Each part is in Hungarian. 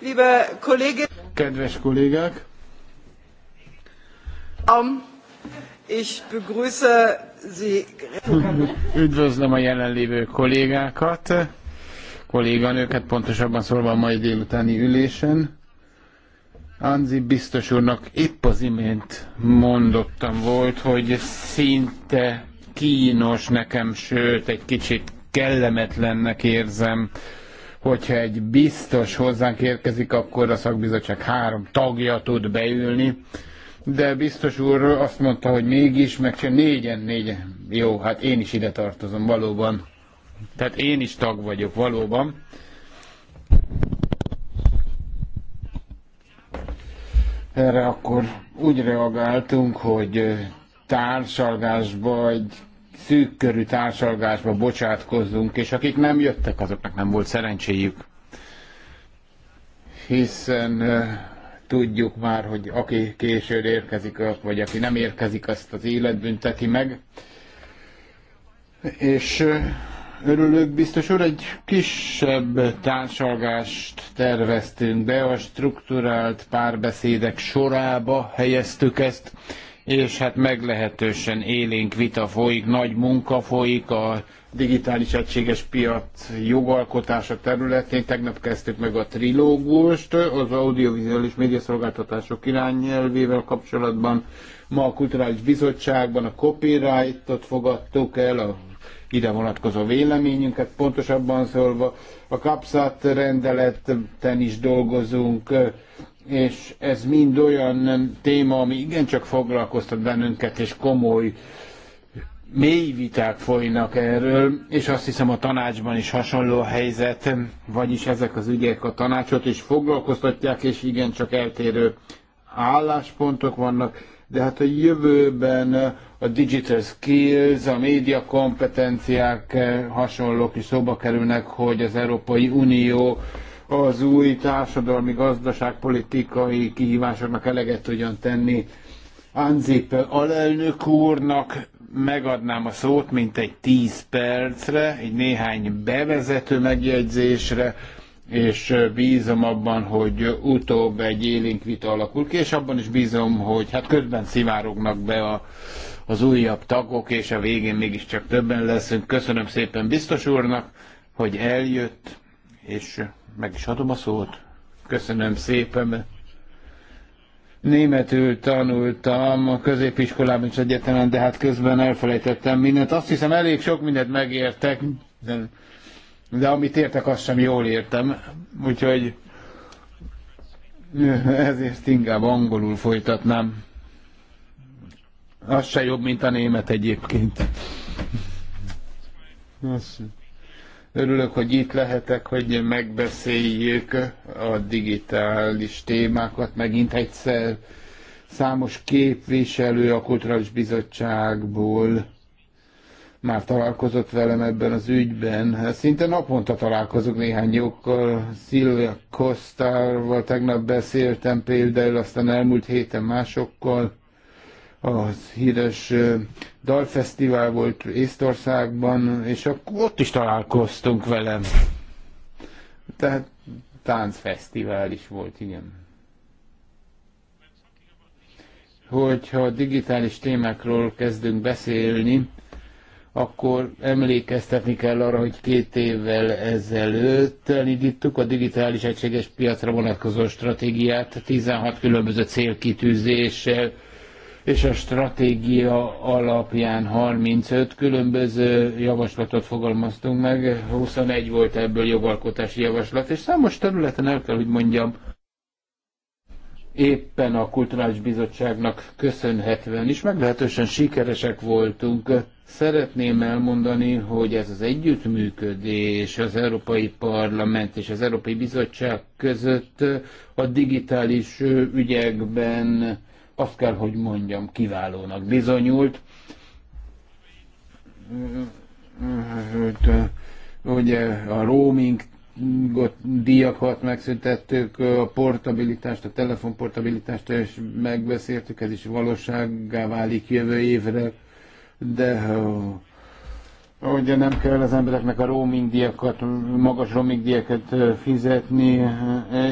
Liebe Kedves kollégák! Um, ich begrüße Sie. Üdvözlöm a jelenlévő kollégákat, kolléganőket, pontosabban szólva a mai délutáni ülésen. Anzi biztos úrnak épp az imént mondottam volt, hogy szinte kínos nekem, sőt egy kicsit kellemetlennek érzem hogyha egy biztos hozzánk érkezik, akkor a szakbizottság három tagja tud beülni, de biztos úr azt mondta, hogy mégis, meg csak négyen, négyen. Jó, hát én is ide tartozom valóban. Tehát én is tag vagyok valóban. Erre akkor úgy reagáltunk, hogy társalgásba egy szűk körű társalgásba bocsátkozzunk, és akik nem jöttek, azoknak nem volt szerencséjük. Hiszen tudjuk már, hogy aki későn érkezik, vagy aki nem érkezik, azt az élet bünteti meg. És örülök, biztos úr, egy kisebb társalgást terveztünk be, a strukturált párbeszédek sorába helyeztük ezt, és hát meglehetősen élénk vita folyik, nagy munka folyik a digitális egységes piac jogalkotása területén. Tegnap kezdtük meg a trilógust az audiovizuális médiaszolgáltatások irányelvével kapcsolatban. Ma a Kulturális Bizottságban a copyrightot fogadtuk el, a ide vonatkozó véleményünket, pontosabban szólva a kapszát rendeleten is dolgozunk, és ez mind olyan téma, ami igencsak foglalkoztat bennünket, és komoly mély viták folynak erről, és azt hiszem a tanácsban is hasonló a helyzet, vagyis ezek az ügyek a tanácsot is foglalkoztatják, és igencsak eltérő álláspontok vannak, de hát a jövőben a digital skills, a média kompetenciák eh, hasonlók is szóba kerülnek, hogy az Európai Unió az új társadalmi gazdaságpolitikai kihívásoknak eleget tudjon tenni. Anzip alelnök úrnak megadnám a szót, mint egy tíz percre, egy néhány bevezető megjegyzésre, és bízom abban, hogy utóbb egy élénk vita alakul ki, és abban is bízom, hogy hát közben szivárognak be a, az újabb tagok, és a végén mégiscsak többen leszünk. Köszönöm szépen biztos úrnak, hogy eljött, és meg is adom a szót. Köszönöm szépen. Németül tanultam a középiskolában és egyetemen, de hát közben elfelejtettem mindent. Azt hiszem elég sok mindent megértek, de, de amit értek, azt sem jól értem. Úgyhogy ezért inkább angolul folytatnám. Az se jobb, mint a német egyébként. Köszönöm. Örülök, hogy itt lehetek, hogy megbeszéljük a digitális témákat megint egyszer. Számos képviselő a Kulturális Bizottságból már találkozott velem ebben az ügyben. Szinte naponta találkozok néhány jókkal. Szilvia Kosztárval tegnap beszéltem például, aztán elmúlt héten másokkal az híres dalfesztivál volt Észtországban, és akkor ott is találkoztunk velem. Tehát táncfesztivál is volt, igen. Hogyha digitális témákról kezdünk beszélni, akkor emlékeztetni kell arra, hogy két évvel ezelőtt elindítottuk a digitális egységes piacra vonatkozó stratégiát 16 különböző célkitűzéssel, és a stratégia alapján 35 különböző javaslatot fogalmaztunk meg, 21 volt ebből jogalkotási javaslat, és számos területen el kell, hogy mondjam, éppen a Kulturális Bizottságnak köszönhetően is meglehetősen sikeresek voltunk. Szeretném elmondani, hogy ez az együttműködés az Európai Parlament és az Európai Bizottság között a digitális ügyekben azt kell, hogy mondjam, kiválónak bizonyult. Ugye a roaming díjakat megszüntettük, a portabilitást, a telefonportabilitást is megbeszéltük, ez is valósággá válik jövő évre, de Ugye nem kell az embereknek a roaming díjakat, magas roaming díjakat fizetni,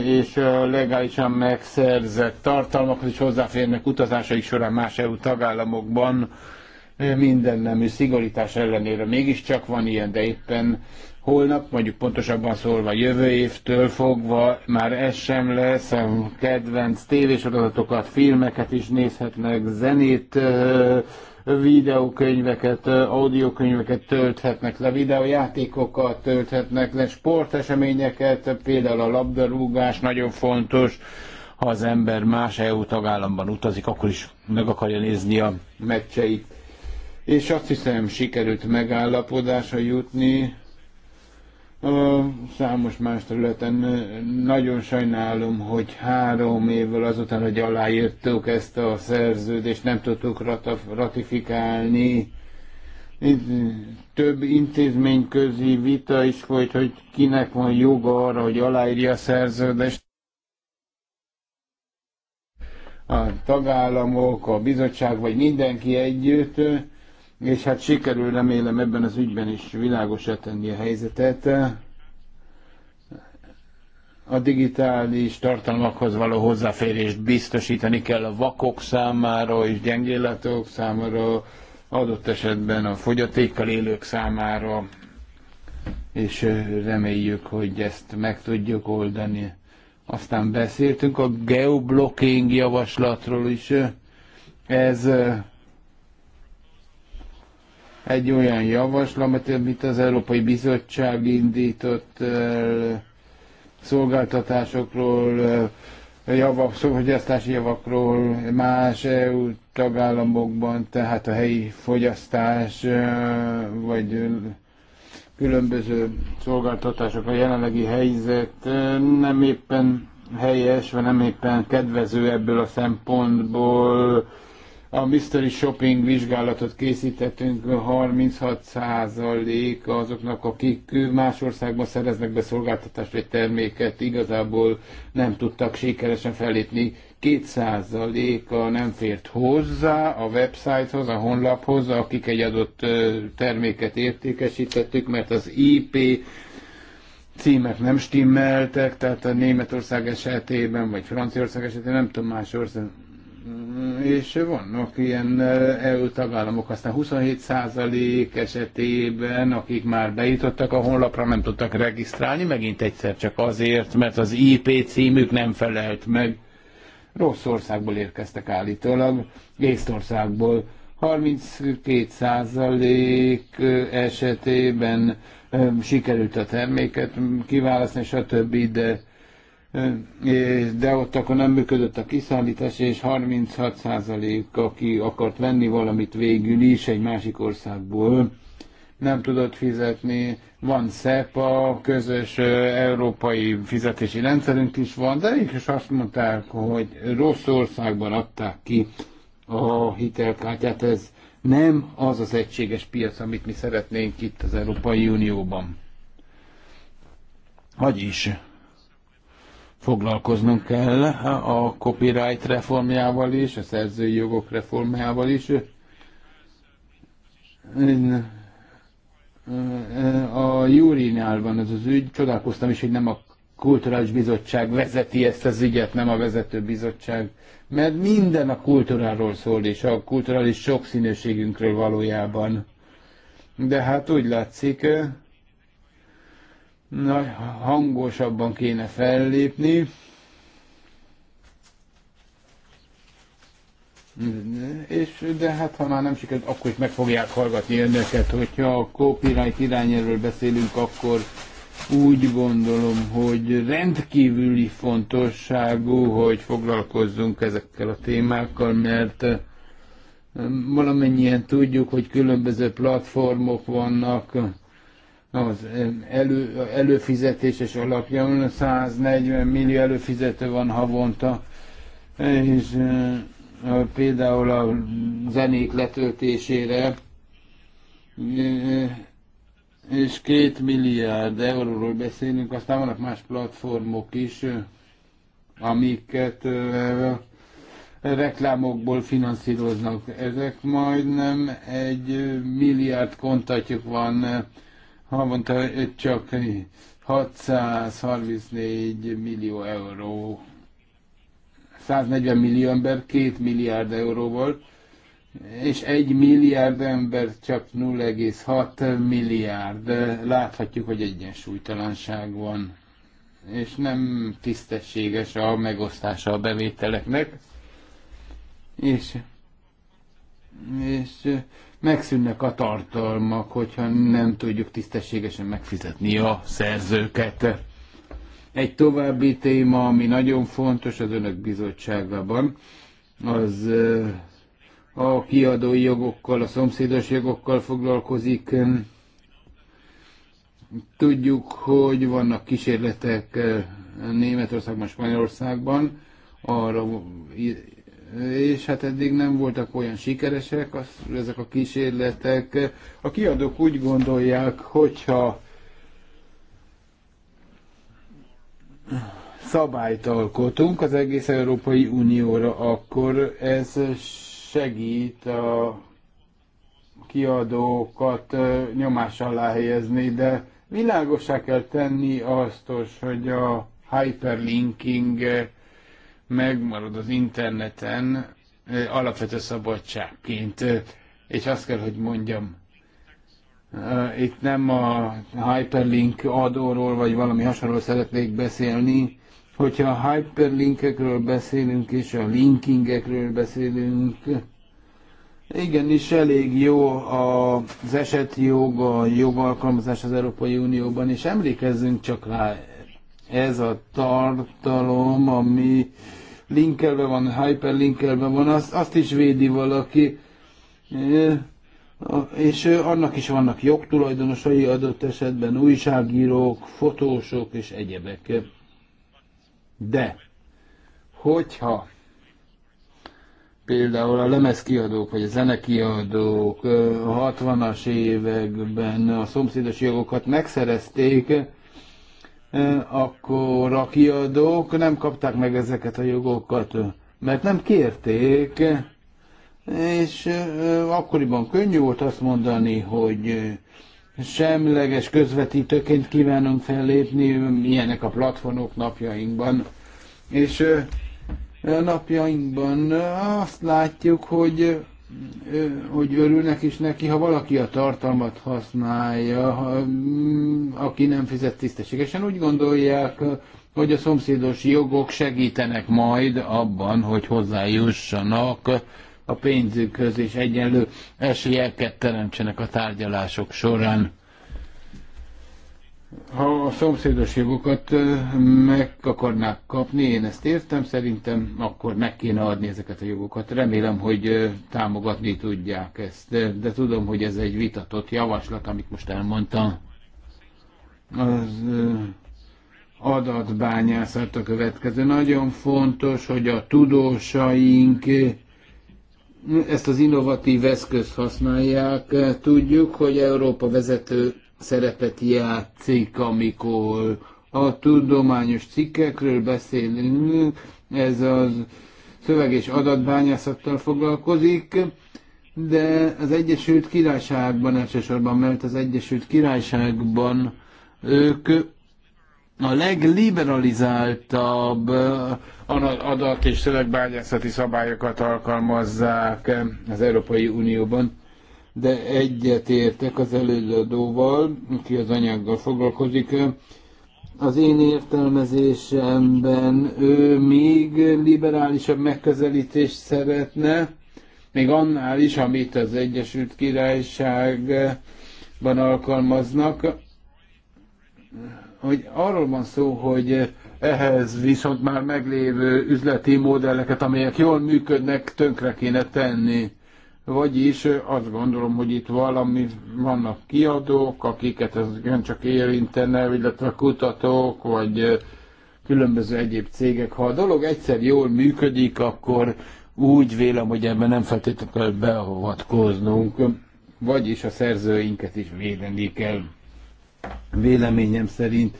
és legálisan megszerzett tartalmakhoz is hozzáférnek utazásaik során más EU tagállamokban minden nemű szigorítás ellenére mégiscsak van ilyen, de éppen holnap, mondjuk pontosabban szólva jövő évtől fogva már ez sem lesz, kedvenc tévésorozatokat, filmeket is nézhetnek, zenét videókönyveket, audiokönyveket tölthetnek le, videójátékokat tölthetnek le, sporteseményeket, például a labdarúgás nagyon fontos, ha az ember más EU tagállamban utazik, akkor is meg akarja nézni a meccseit. És azt hiszem sikerült megállapodásra jutni, számos más területen. Nagyon sajnálom, hogy három évvel azután, hogy aláírtuk ezt a szerződést, nem tudtuk ratifikálni. Itt több közi vita is volt, hogy kinek van joga arra, hogy aláírja a szerződést. A tagállamok, a bizottság, vagy mindenki együtt és hát sikerül remélem ebben az ügyben is világos tenni a helyzetet. A digitális tartalmakhoz való hozzáférést biztosítani kell a vakok számára és gyengéletok számára, adott esetben a fogyatékkal élők számára, és reméljük, hogy ezt meg tudjuk oldani. Aztán beszéltünk a geoblocking javaslatról is. Ez egy olyan javaslat, amit az Európai Bizottság indított el, szolgáltatásokról, eh, javak, fogyasztási javakról más EU tagállamokban, tehát a helyi fogyasztás, eh, vagy különböző szolgáltatások, a jelenlegi helyzet eh, nem éppen helyes, vagy nem éppen kedvező ebből a szempontból, a mystery shopping vizsgálatot készítettünk, 36% azoknak, akik más országban szereznek be szolgáltatást vagy terméket, igazából nem tudtak sikeresen fellépni. 2%-a nem fért hozzá a websitehoz, a honlaphoz, akik egy adott terméket értékesítettük, mert az IP címek nem stimmeltek, tehát a Németország esetében, vagy Franciaország esetében, nem tudom más ország, és vannak ilyen eh, EU tagállamok, aztán 27% esetében, akik már bejutottak a honlapra, nem tudtak regisztrálni, megint egyszer csak azért, mert az IP címük nem felelt meg. Rossz országból érkeztek állítólag, Észtországból. 32% eh, esetében eh, sikerült a terméket kiválasztani, stb., de de ott akkor nem működött a kiszállítás, és 36% aki akart venni valamit végül is egy másik országból, nem tudott fizetni. Van SEPA, közös európai fizetési rendszerünk is van, de ők is azt mondták, hogy rossz országban adták ki a hitelkártyát. Ez nem az az egységes piac, amit mi szeretnénk itt az Európai Unióban. Vagyis, foglalkoznunk kell a copyright reformjával is, a szerzői jogok reformjával is. A Júrinál van ez az ügy, csodálkoztam is, hogy nem a kulturális bizottság vezeti ezt az ügyet, nem a vezető bizottság, mert minden a kultúráról szól, és a kulturális sokszínűségünkről valójában. De hát úgy látszik, Na, hangosabban kéne fellépni. És, de hát ha már nem sikerült, akkor is meg fogják hallgatni önöket, hogyha a copyright irányelről beszélünk, akkor úgy gondolom, hogy rendkívüli fontosságú, hogy foglalkozzunk ezekkel a témákkal, mert um, valamennyien tudjuk, hogy különböző platformok vannak, az elő, előfizetéses alapján 140 millió előfizető van havonta, és például a zenék letöltésére és két milliárd euróról beszélünk, aztán vannak más platformok is, amiket reklámokból finanszíroznak. Ezek majdnem egy milliárd kontatjuk van havonta csak 634 millió euró, 140 millió ember 2 milliárd volt, és 1 milliárd ember csak 0,6 milliárd. Láthatjuk, hogy egyensúlytalanság van, és nem tisztességes a megosztása a bevételeknek. És, és megszűnnek a tartalmak, hogyha nem tudjuk tisztességesen megfizetni a szerzőket. Egy további téma, ami nagyon fontos az önök bizottságában, az a kiadói jogokkal, a szomszédos jogokkal foglalkozik. Tudjuk, hogy vannak kísérletek Németországban, Spanyolországban arra és hát eddig nem voltak olyan sikeresek az, ezek a kísérletek. A kiadók úgy gondolják, hogyha szabályt alkotunk az egész Európai Unióra, akkor ez segít a kiadókat nyomás alá helyezni, de világosá kell tenni azt, hogy a hyperlinking megmarad az interneten alapvető szabadságként. És azt kell, hogy mondjam, itt nem a hyperlink adóról, vagy valami hasonlóról szeretnék beszélni. Hogyha a hyperlinkekről beszélünk, és a linkingekről beszélünk, igenis elég jó az esetjog, a jogalkalmazás az Európai Unióban, és emlékezzünk csak rá ez a tartalom, ami linkelve van, hyperlinkelve van, azt, azt is védi valaki, és annak is vannak jogtulajdonosai adott esetben, újságírók, fotósok és egyebek. De, hogyha például a lemezkiadók vagy a zenekiadók 60-as években a szomszédos jogokat megszerezték, E, akkor a kiadók nem kapták meg ezeket a jogokat, mert nem kérték, és e, akkoriban könnyű volt azt mondani, hogy semleges közvetítőként kívánunk fellépni, ilyenek a platformok napjainkban. És e, napjainkban azt látjuk, hogy hogy örülnek is neki, ha valaki a tartalmat használja, ha, mm, aki nem fizet tisztességesen. Úgy gondolják, hogy a szomszédos jogok segítenek majd abban, hogy hozzájussanak a pénzükhöz, és egyenlő esélyeket teremtsenek a tárgyalások során ha a szomszédos jogokat meg akarnák kapni, én ezt értem, szerintem akkor meg kéne adni ezeket a jogokat. Remélem, hogy támogatni tudják ezt, de tudom, hogy ez egy vitatott javaslat, amit most elmondtam. Az adatbányászat a következő. Nagyon fontos, hogy a tudósaink ezt az innovatív eszközt használják. Tudjuk, hogy Európa vezető szerepet játszik, amikor a tudományos cikkekről beszélünk, ez az szöveg és adatbányászattal foglalkozik, de az Egyesült Királyságban elsősorban, mert az Egyesült Királyságban ők a legliberalizáltabb adat és szövegbányászati szabályokat alkalmazzák az Európai Unióban de egyet értek az előadóval, aki az anyaggal foglalkozik. Az én értelmezésemben ő még liberálisabb megközelítést szeretne, még annál is, amit az Egyesült Királyságban alkalmaznak, hogy arról van szó, hogy ehhez viszont már meglévő üzleti modelleket, amelyek jól működnek, tönkre kéne tenni. Vagyis azt gondolom, hogy itt valami, vannak kiadók, akiket ez csak érintene, illetve kutatók, vagy különböző egyéb cégek. Ha a dolog egyszer jól működik, akkor úgy vélem, hogy ebben nem feltétlenül kell beavatkoznunk, vagyis a szerzőinket is védeni kell, véleményem szerint.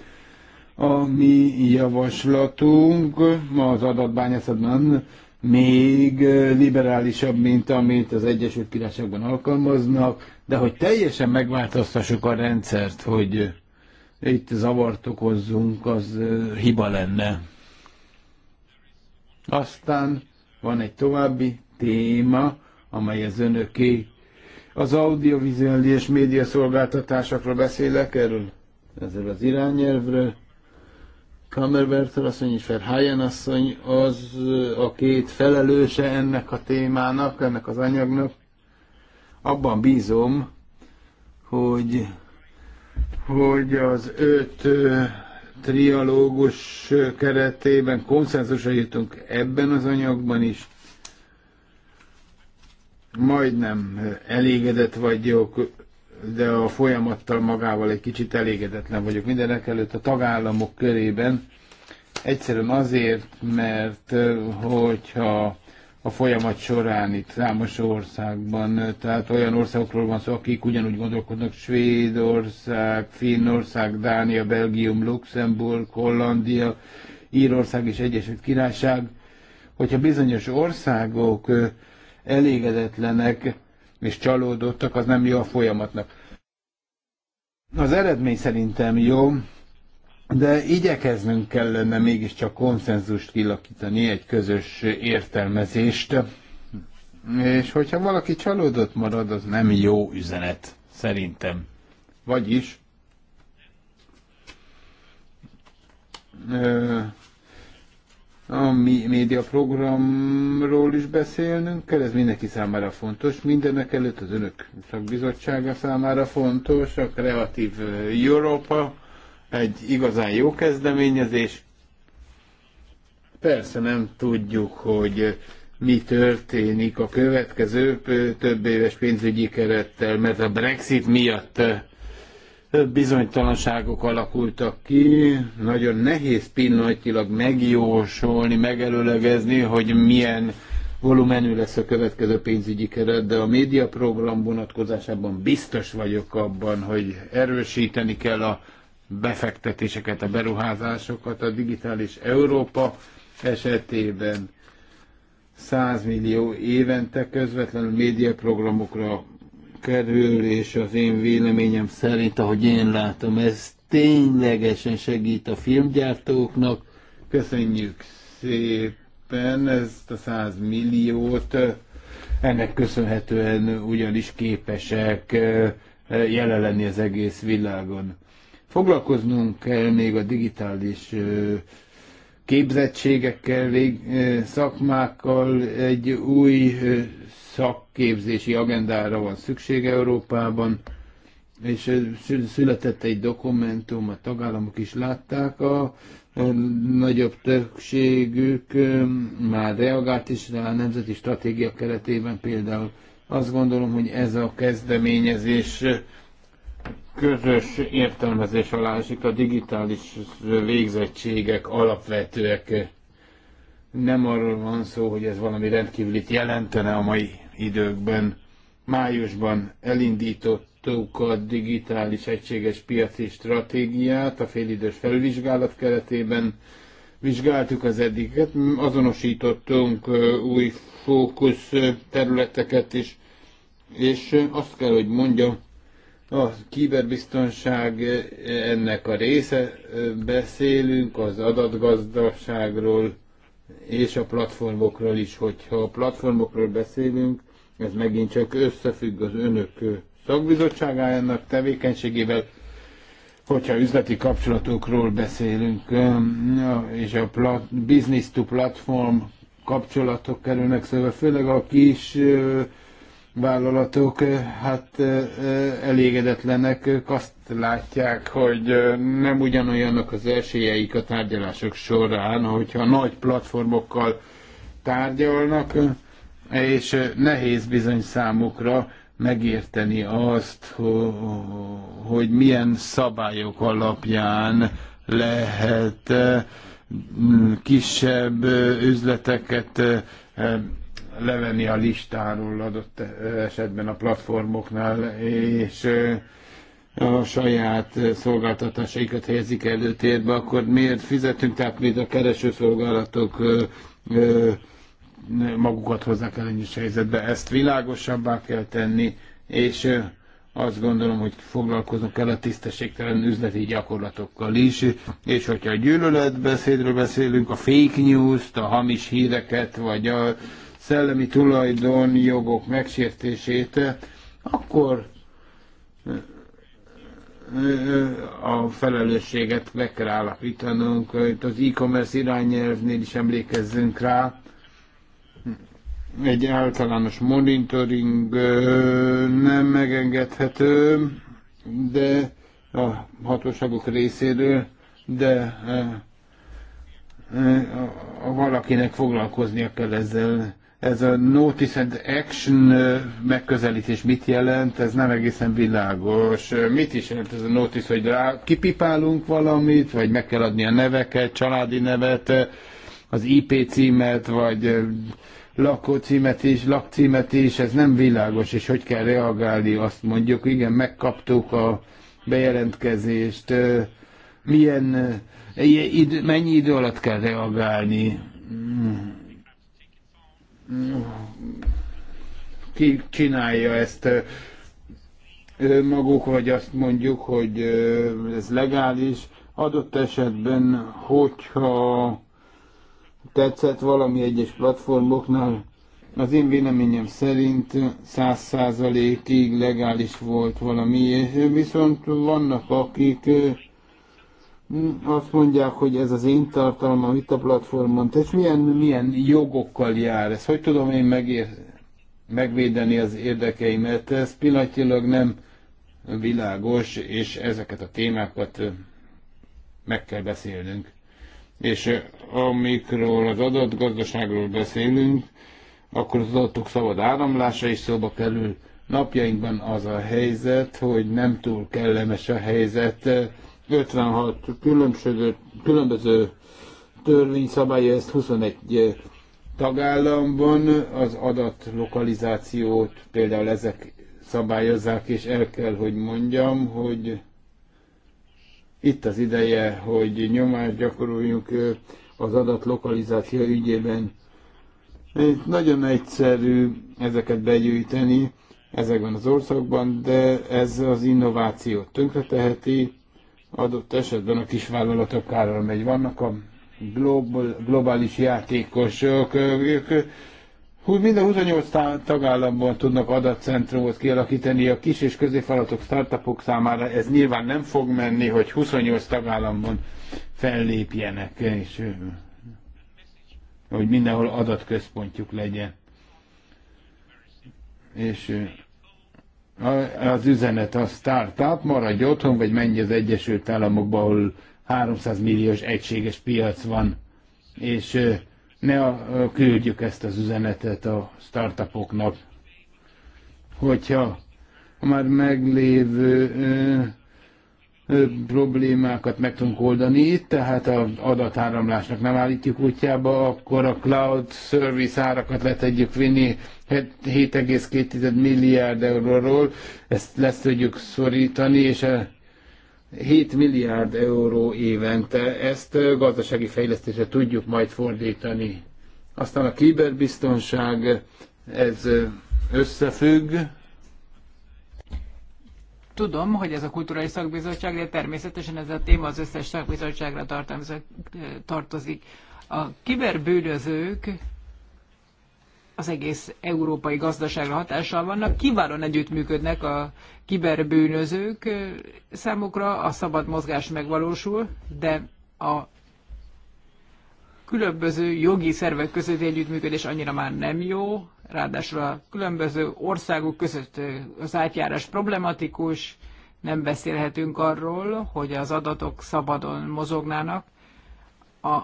A mi javaslatunk az adatbányászatban még liberálisabb, mint amit az Egyesült Királyságban alkalmaznak, de hogy teljesen megváltoztassuk a rendszert, hogy itt zavart okozzunk, az hiba lenne. Aztán van egy további téma, amely az önöké. Az audiovizuális médiaszolgáltatásokról beszélek erről, ezzel az irányelvről. Kammerwerter asszony és Verheyen asszony az a két felelőse ennek a témának, ennek az anyagnak. Abban bízom, hogy, hogy az öt trialógus keretében konszenzusra jutunk ebben az anyagban is. Majdnem elégedett vagyok de a folyamattal magával egy kicsit elégedetlen vagyok. Mindenek előtt a tagállamok körében egyszerűen azért, mert hogyha a folyamat során itt számos országban, tehát olyan országokról van szó, akik ugyanúgy gondolkodnak, Svédország, Finnország, Dánia, Belgium, Luxemburg, Hollandia, Írország és Egyesült Királyság, hogyha bizonyos országok elégedetlenek és csalódottak, az nem jó a folyamatnak. Az eredmény szerintem jó, de igyekeznünk kellene mégiscsak konszenzust kilakítani, egy közös értelmezést. És hogyha valaki csalódott marad, az nem jó üzenet, szerintem. Vagyis, a mi médiaprogramról is beszélnünk kell, ez mindenki számára fontos, mindenek előtt az önök szakbizottsága számára fontos, a Kreatív Európa egy igazán jó kezdeményezés. Persze nem tudjuk, hogy mi történik a következő több éves pénzügyi kerettel, mert a Brexit miatt bizonytalanságok alakultak ki, nagyon nehéz pillanatilag megjósolni, megelőlegezni, hogy milyen volumenű lesz a következő pénzügyi keret, de a médiaprogram vonatkozásában biztos vagyok abban, hogy erősíteni kell a befektetéseket, a beruházásokat a digitális Európa esetében 100 millió évente közvetlenül médiaprogramokra kerül, és az én véleményem szerint, ahogy én látom, ez ténylegesen segít a filmgyártóknak. Köszönjük szépen ezt a 100 milliót. Ennek köszönhetően ugyanis képesek jelen lenni az egész világon. Foglalkoznunk kell még a digitális képzettségekkel, vég, szakmákkal egy új szakképzési agendára van szükség Európában, és született egy dokumentum, a tagállamok is látták, a nagyobb többségük már reagált is rá a nemzeti stratégia keretében például. Azt gondolom, hogy ez a kezdeményezés közös értelmezés alá esik a digitális végzettségek alapvetőek. Nem arról van szó, hogy ez valami rendkívülit jelentene a mai időkben. Májusban elindítottuk a digitális egységes piaci stratégiát a félidős felvizsgálat keretében. Vizsgáltuk az eddiget, azonosítottunk új fókusz területeket is, és azt kell, hogy mondjam, a kiberbiztonság ennek a része, beszélünk az adatgazdaságról és a platformokról is. Hogyha a platformokról beszélünk, ez megint csak összefügg az önök szakbizottságának tevékenységével, hogyha üzleti kapcsolatokról beszélünk, és a plat, business to platform kapcsolatok kerülnek szóval, főleg a kis vállalatok eh, hát eh, eh, elégedetlenek, ők azt látják, hogy nem ugyanolyanok az esélyeik a tárgyalások során, hogyha nagy platformokkal tárgyalnak, és nehéz bizony számukra megérteni azt, hogy milyen szabályok alapján lehet kisebb üzleteket levenni a listáról adott esetben a platformoknál, és a saját szolgáltatásaikat helyezik előtérbe, akkor miért fizetünk, tehát mint a keresőszolgálatok magukat hozzák ennyis helyzetbe. Ezt világosabbá kell tenni, és azt gondolom, hogy foglalkozunk kell a tisztességtelen üzleti gyakorlatokkal is, és hogyha a gyűlöletbeszédről beszélünk, a fake news-t, a hamis híreket, vagy a szellemi jogok megsértését, akkor a felelősséget meg kell állapítanunk. Itt az e-commerce irányelvnél is emlékezzünk rá. Egy általános monitoring nem megengedhető, de a hatóságok részéről, de valakinek foglalkoznia kell ezzel ez a notice and action megközelítés mit jelent, ez nem egészen világos. Mit is jelent ez a notice, hogy rá kipipálunk valamit, vagy meg kell adni a neveket, családi nevet, az IP címet, vagy lakócímet is, lakcímet is, ez nem világos, és hogy kell reagálni, azt mondjuk, igen, megkaptuk a bejelentkezést, milyen, mennyi idő alatt kell reagálni, hmm ki csinálja ezt maguk, vagy azt mondjuk, hogy ez legális. Adott esetben, hogyha tetszett valami egyes platformoknál, az én véleményem szerint száz százalékig legális volt valami, és viszont vannak, akik azt mondják, hogy ez az én tartalmam itt a platformon, tehát milyen, milyen jogokkal jár ez? Hogy tudom én megér, megvédeni az érdekeimet? Ez pillanatilag nem világos, és ezeket a témákat meg kell beszélnünk. És amikről az adatgazdaságról beszélünk, akkor az adatok szabad áramlása is szóba kerül. Napjainkban az a helyzet, hogy nem túl kellemes a helyzet, 56 különböző, különböző törvény ezt 21 eh, tagállamban az adat lokalizációt például ezek szabályozzák, és el kell, hogy mondjam, hogy itt az ideje, hogy nyomást gyakoroljunk eh, az adat lokalizáció ügyében. Itt nagyon egyszerű ezeket begyűjteni ezekben az országban, de ez az innovációt tönkreteheti, adott esetben a kisvállalatok kárral megy. Vannak a global, globális játékosok, ők, ők mind a 28 tagállamban tudnak adatcentrumot kialakítani a kis és középvállalatok, startupok számára. Ez nyilván nem fog menni, hogy 28 tagállamban fellépjenek, és hogy mindenhol adatközpontjuk legyen. És az üzenet a startup, maradj otthon, vagy menj az Egyesült Államokba, ahol 300 milliós egységes piac van, és ne a, küldjük ezt az üzenetet a startupoknak, hogyha a már meglévő problémákat meg tudunk oldani, tehát az adatáramlásnak nem állítjuk útjába, akkor a cloud service árakat le tudjuk vinni 7,2 milliárd euróról, ezt lesz tudjuk szorítani, és a 7 milliárd euró évente ezt gazdasági fejlesztésre tudjuk majd fordítani. Aztán a kiberbiztonság, ez összefügg Tudom, hogy ez a kulturális szakbizottság, de természetesen ez a téma az összes szakbizottságra tartozik. A kiberbűnözők az egész európai gazdaságra hatással vannak, kiválóan együttműködnek a kiberbűnözők, számukra a szabad mozgás megvalósul, de a különböző jogi szervek közötti együttműködés annyira már nem jó, ráadásul a különböző országok között az átjárás problematikus, nem beszélhetünk arról, hogy az adatok szabadon mozognának a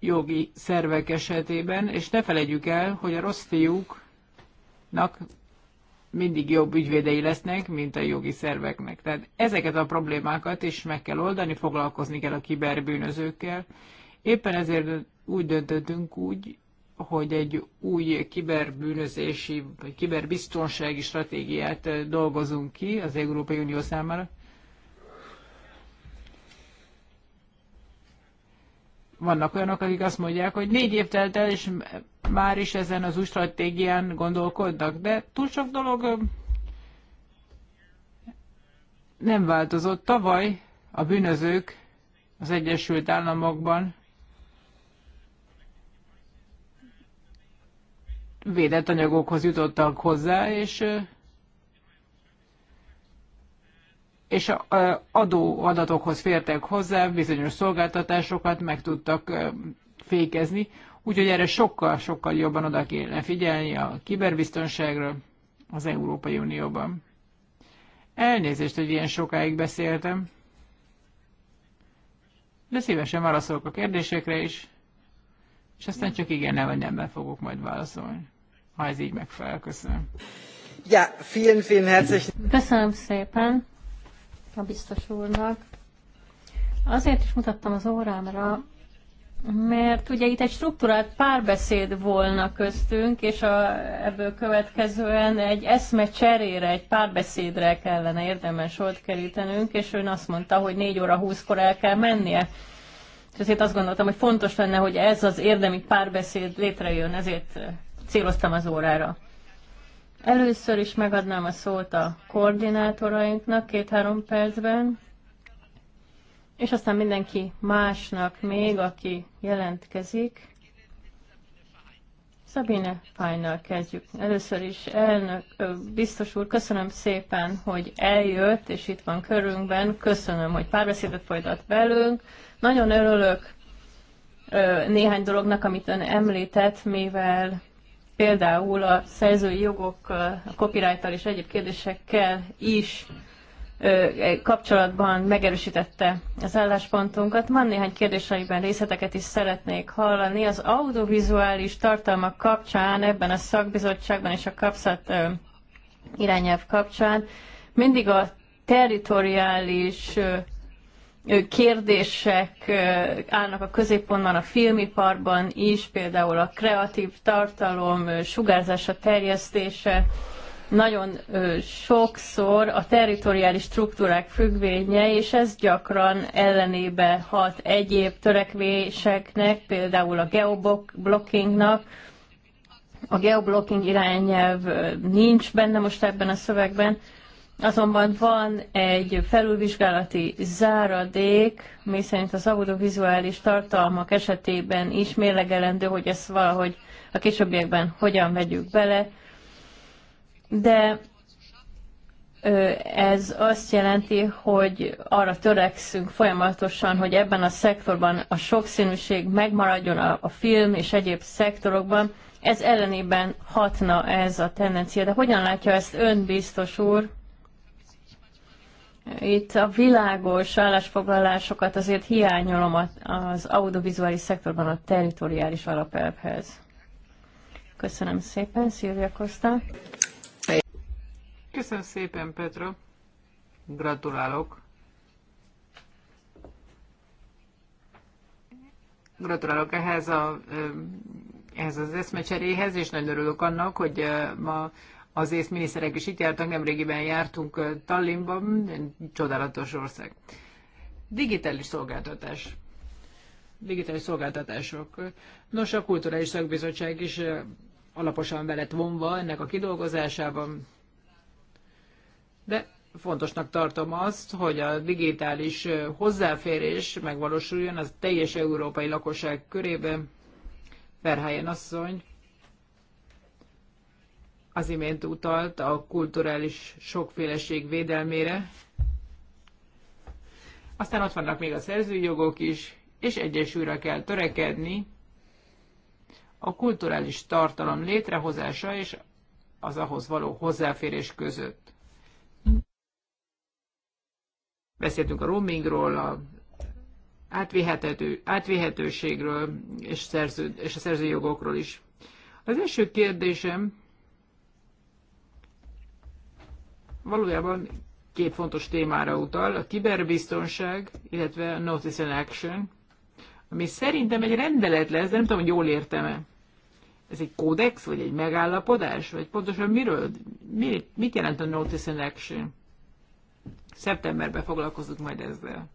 jogi szervek esetében, és ne felejtjük el, hogy a rossz fiúknak mindig jobb ügyvédei lesznek, mint a jogi szerveknek. Tehát ezeket a problémákat is meg kell oldani, foglalkozni kell a kiberbűnözőkkel. Éppen ezért úgy döntöttünk úgy, hogy egy új kiberbűnözési, vagy kiberbiztonsági stratégiát dolgozunk ki az Európai Unió számára. Vannak olyanok, akik azt mondják, hogy négy év telt el, és már is ezen az új stratégián gondolkodnak, de túl sok dolog nem változott. Tavaly a bűnözők az Egyesült Államokban védett anyagokhoz jutottak hozzá, és és adó adatokhoz fértek hozzá, bizonyos szolgáltatásokat meg tudtak fékezni, úgyhogy erre sokkal-sokkal jobban oda kéne figyelni a kiberbiztonságra az Európai Unióban. Elnézést, hogy ilyen sokáig beszéltem, de szívesen válaszolok a kérdésekre is és aztán csak igen, vagy nemben fogok majd válaszolni, ha ez így megfelel. Köszönöm. Ja, vielen, vielen herzlichen Köszönöm szépen a biztos úrnak. Azért is mutattam az órámra, mert ugye itt egy struktúrált párbeszéd volna köztünk, és a, ebből következően egy eszme cserére, egy párbeszédre kellene érdemes ott kerítenünk, és ő azt mondta, hogy 4 óra 20-kor el kell mennie. És ezért azt gondoltam, hogy fontos lenne, hogy ez az érdemi párbeszéd létrejön, ezért eh, céloztam az órára. Először is megadnám a szót a koordinátorainknak két-három percben, és aztán mindenki másnak még, aki jelentkezik. Szabine Fájnnal kezdjük. Először is elnök, biztos úr, köszönöm szépen, hogy eljött, és itt van körünkben. Köszönöm, hogy párbeszédet folytat velünk. Nagyon örülök néhány dolognak, amit ön említett, mivel például a szerzői jogok, a copyright és egyéb kérdésekkel is kapcsolatban megerősítette az álláspontunkat. Van néhány kérdés, amiben részleteket is szeretnék hallani. Az audiovizuális tartalmak kapcsán ebben a szakbizottságban és a kapszat irányelv kapcsán mindig a territoriális kérdések állnak a középpontban a filmiparban is, például a kreatív tartalom sugárzása, terjesztése, nagyon sokszor a territoriális struktúrák függvénye, és ez gyakran ellenébe hat egyéb törekvéseknek, például a geoblockingnak. A geoblocking irányelv nincs benne most ebben a szövegben, Azonban van egy felülvizsgálati záradék, mi szerint az audiovizuális tartalmak esetében is mérlegelendő, hogy ezt valahogy a későbbiekben hogyan vegyük bele, de ez azt jelenti, hogy arra törekszünk folyamatosan, hogy ebben a szektorban a sokszínűség megmaradjon a, a film és egyéb szektorokban. Ez ellenében hatna ez a tendencia. De hogyan látja ezt ön, biztos úr? Itt a világos állásfoglalásokat azért hiányolom az audiovizuális szektorban a territoriális alapelvhez. Köszönöm szépen, Szilvia Kosta. Köszönöm szépen, Petra. Gratulálok. Gratulálok ehhez, a, ehhez az eszmecseréhez, és nagyon örülök annak, hogy eh, ma az ész miniszterek is itt jártak, nemrégiben jártunk eh, Tallinnban, csodálatos ország. Digitális szolgáltatás. Digitális szolgáltatások. Nos, a Kulturális Szakbizottság is eh, alaposan velet vonva ennek a kidolgozásában de fontosnak tartom azt, hogy a digitális hozzáférés megvalósuljon az teljes európai lakosság körében. Verhelyen asszony az imént utalt a kulturális sokféleség védelmére. Aztán ott vannak még a szerzői jogok is, és egyesülre kell törekedni a kulturális tartalom létrehozása és az ahhoz való hozzáférés között. Beszéltünk a roamingról, a átvihető, átvihetőségről és, szerző, és a szerzőjogokról is. Az első kérdésem valójában két fontos témára utal, a kiberbiztonság, illetve a Notice and Action, ami szerintem egy rendelet lesz, de nem tudom, hogy jól értem-e. Ez egy kódex, vagy egy megállapodás, vagy pontosan miről? Mi, mit jelent a Notice and Action? Szeptemberben foglalkozunk majd ezzel.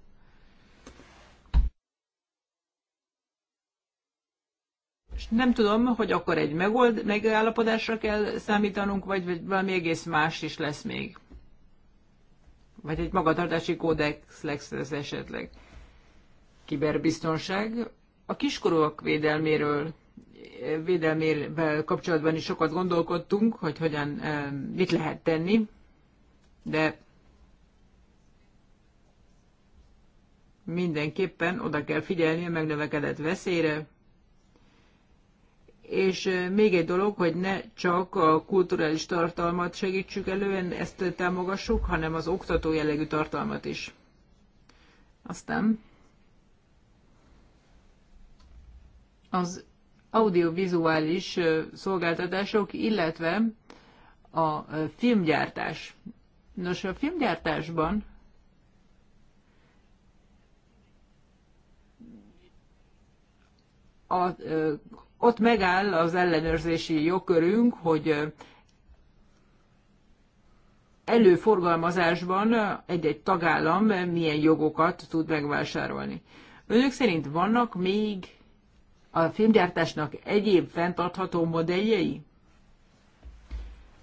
És nem tudom, hogy akkor egy megold, megállapodásra kell számítanunk, vagy, vagy valami egész más is lesz még. Vagy egy magatartási kódex lesz esetleg. Kiberbiztonság. A kiskorúak védelméről védelmével kapcsolatban is sokat gondolkodtunk, hogy hogyan, eh, mit lehet tenni, de mindenképpen oda kell figyelni a megnövekedett veszélyre. És még egy dolog, hogy ne csak a kulturális tartalmat segítsük elő, ezt támogassuk, hanem az oktató jellegű tartalmat is. Aztán az audiovizuális szolgáltatások, illetve a filmgyártás. Nos, a filmgyártásban a, ott megáll az ellenőrzési jogkörünk, hogy előforgalmazásban egy-egy tagállam milyen jogokat tud megvásárolni. Önök szerint vannak még a filmgyártásnak egyéb fenntartható modelljei?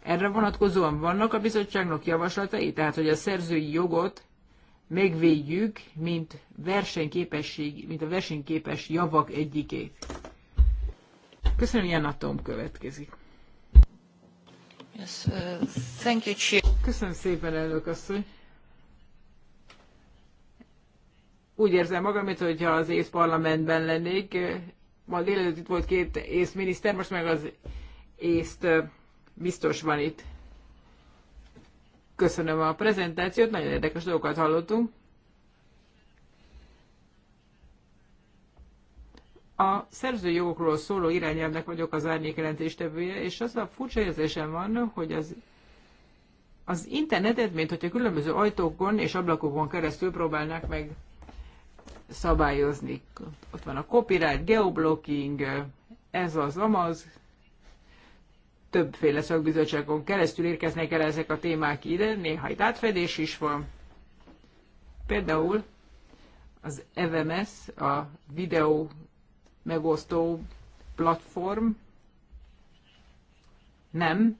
Erre vonatkozóan vannak a bizottságnak javaslatai, tehát hogy a szerzői jogot megvédjük, mint, versenyképesség, mint a versenyképes javak egyikét. Köszönöm, Jan Atom következik. Yes, uh, thank you, Chief. Köszönöm szépen, elnök asszony. Úgy érzem magam, mintha az ész parlamentben lennék. Ma délelőtt itt volt két ész miniszter, most meg az észt biztos van itt. Köszönöm a prezentációt, nagyon érdekes dolgokat hallottunk. A szerzői jogokról szóló irányelvnek vagyok az árnyék jelentéstevője, és az a furcsa érzésem van, hogy az, az internetet, mint hogyha különböző ajtókon és ablakokon keresztül próbálnák meg szabályozni. Ott van a copyright, geoblocking, ez az, amaz, többféle szakbizottságon keresztül érkeznek el ezek a témák ide, néha itt átfedés is van. Például az EVMS, a videó megosztó platform, nem.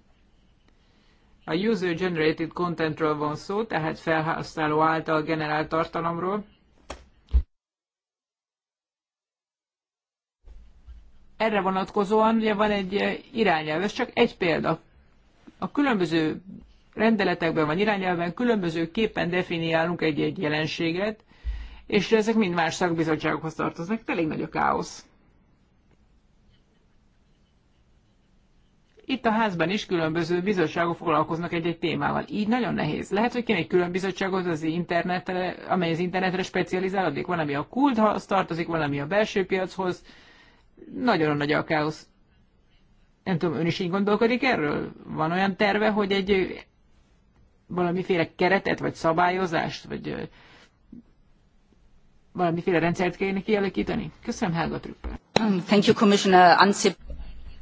A User Generated Contentről van szó, tehát felhasználó által generált tartalomról, erre vonatkozóan ugye van egy eh, irányelv, ez csak egy példa. A különböző rendeletekben vagy irányelven különbözőképpen definiálunk egy-egy jelenséget, és ezek mind más szakbizottságokhoz tartoznak, elég nagy a káosz. Itt a házban is különböző bizottságok foglalkoznak egy-egy témával. Így nagyon nehéz. Lehet, hogy kéne egy külön bizottságot az internetre, amely az internetre specializálódik. Van, ami a kulthoz tartozik, van, ami a belső piachoz nagyon nagy a káosz. Nem tudom, ön is így gondolkodik erről? Van olyan terve, hogy egy valamiféle keretet, vagy szabályozást, vagy valamiféle rendszert kéne kialakítani? Köszönöm, Helga Trüppel. Um, thank you, Commissioner Ansip.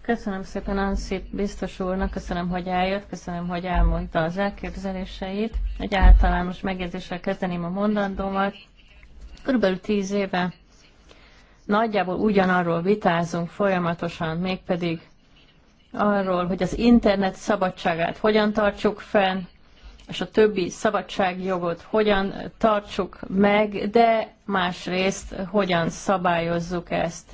Köszönöm szépen Ansip biztos úrnak, köszönöm, hogy eljött, köszönöm, hogy elmondta az elképzeléseit. Egy általános megjegyzéssel kezdeném a mondandómat. Körülbelül tíz éve nagyjából ugyanarról vitázunk folyamatosan, mégpedig arról, hogy az internet szabadságát hogyan tartsuk fenn, és a többi szabadságjogot hogyan tartsuk meg, de másrészt hogyan szabályozzuk ezt.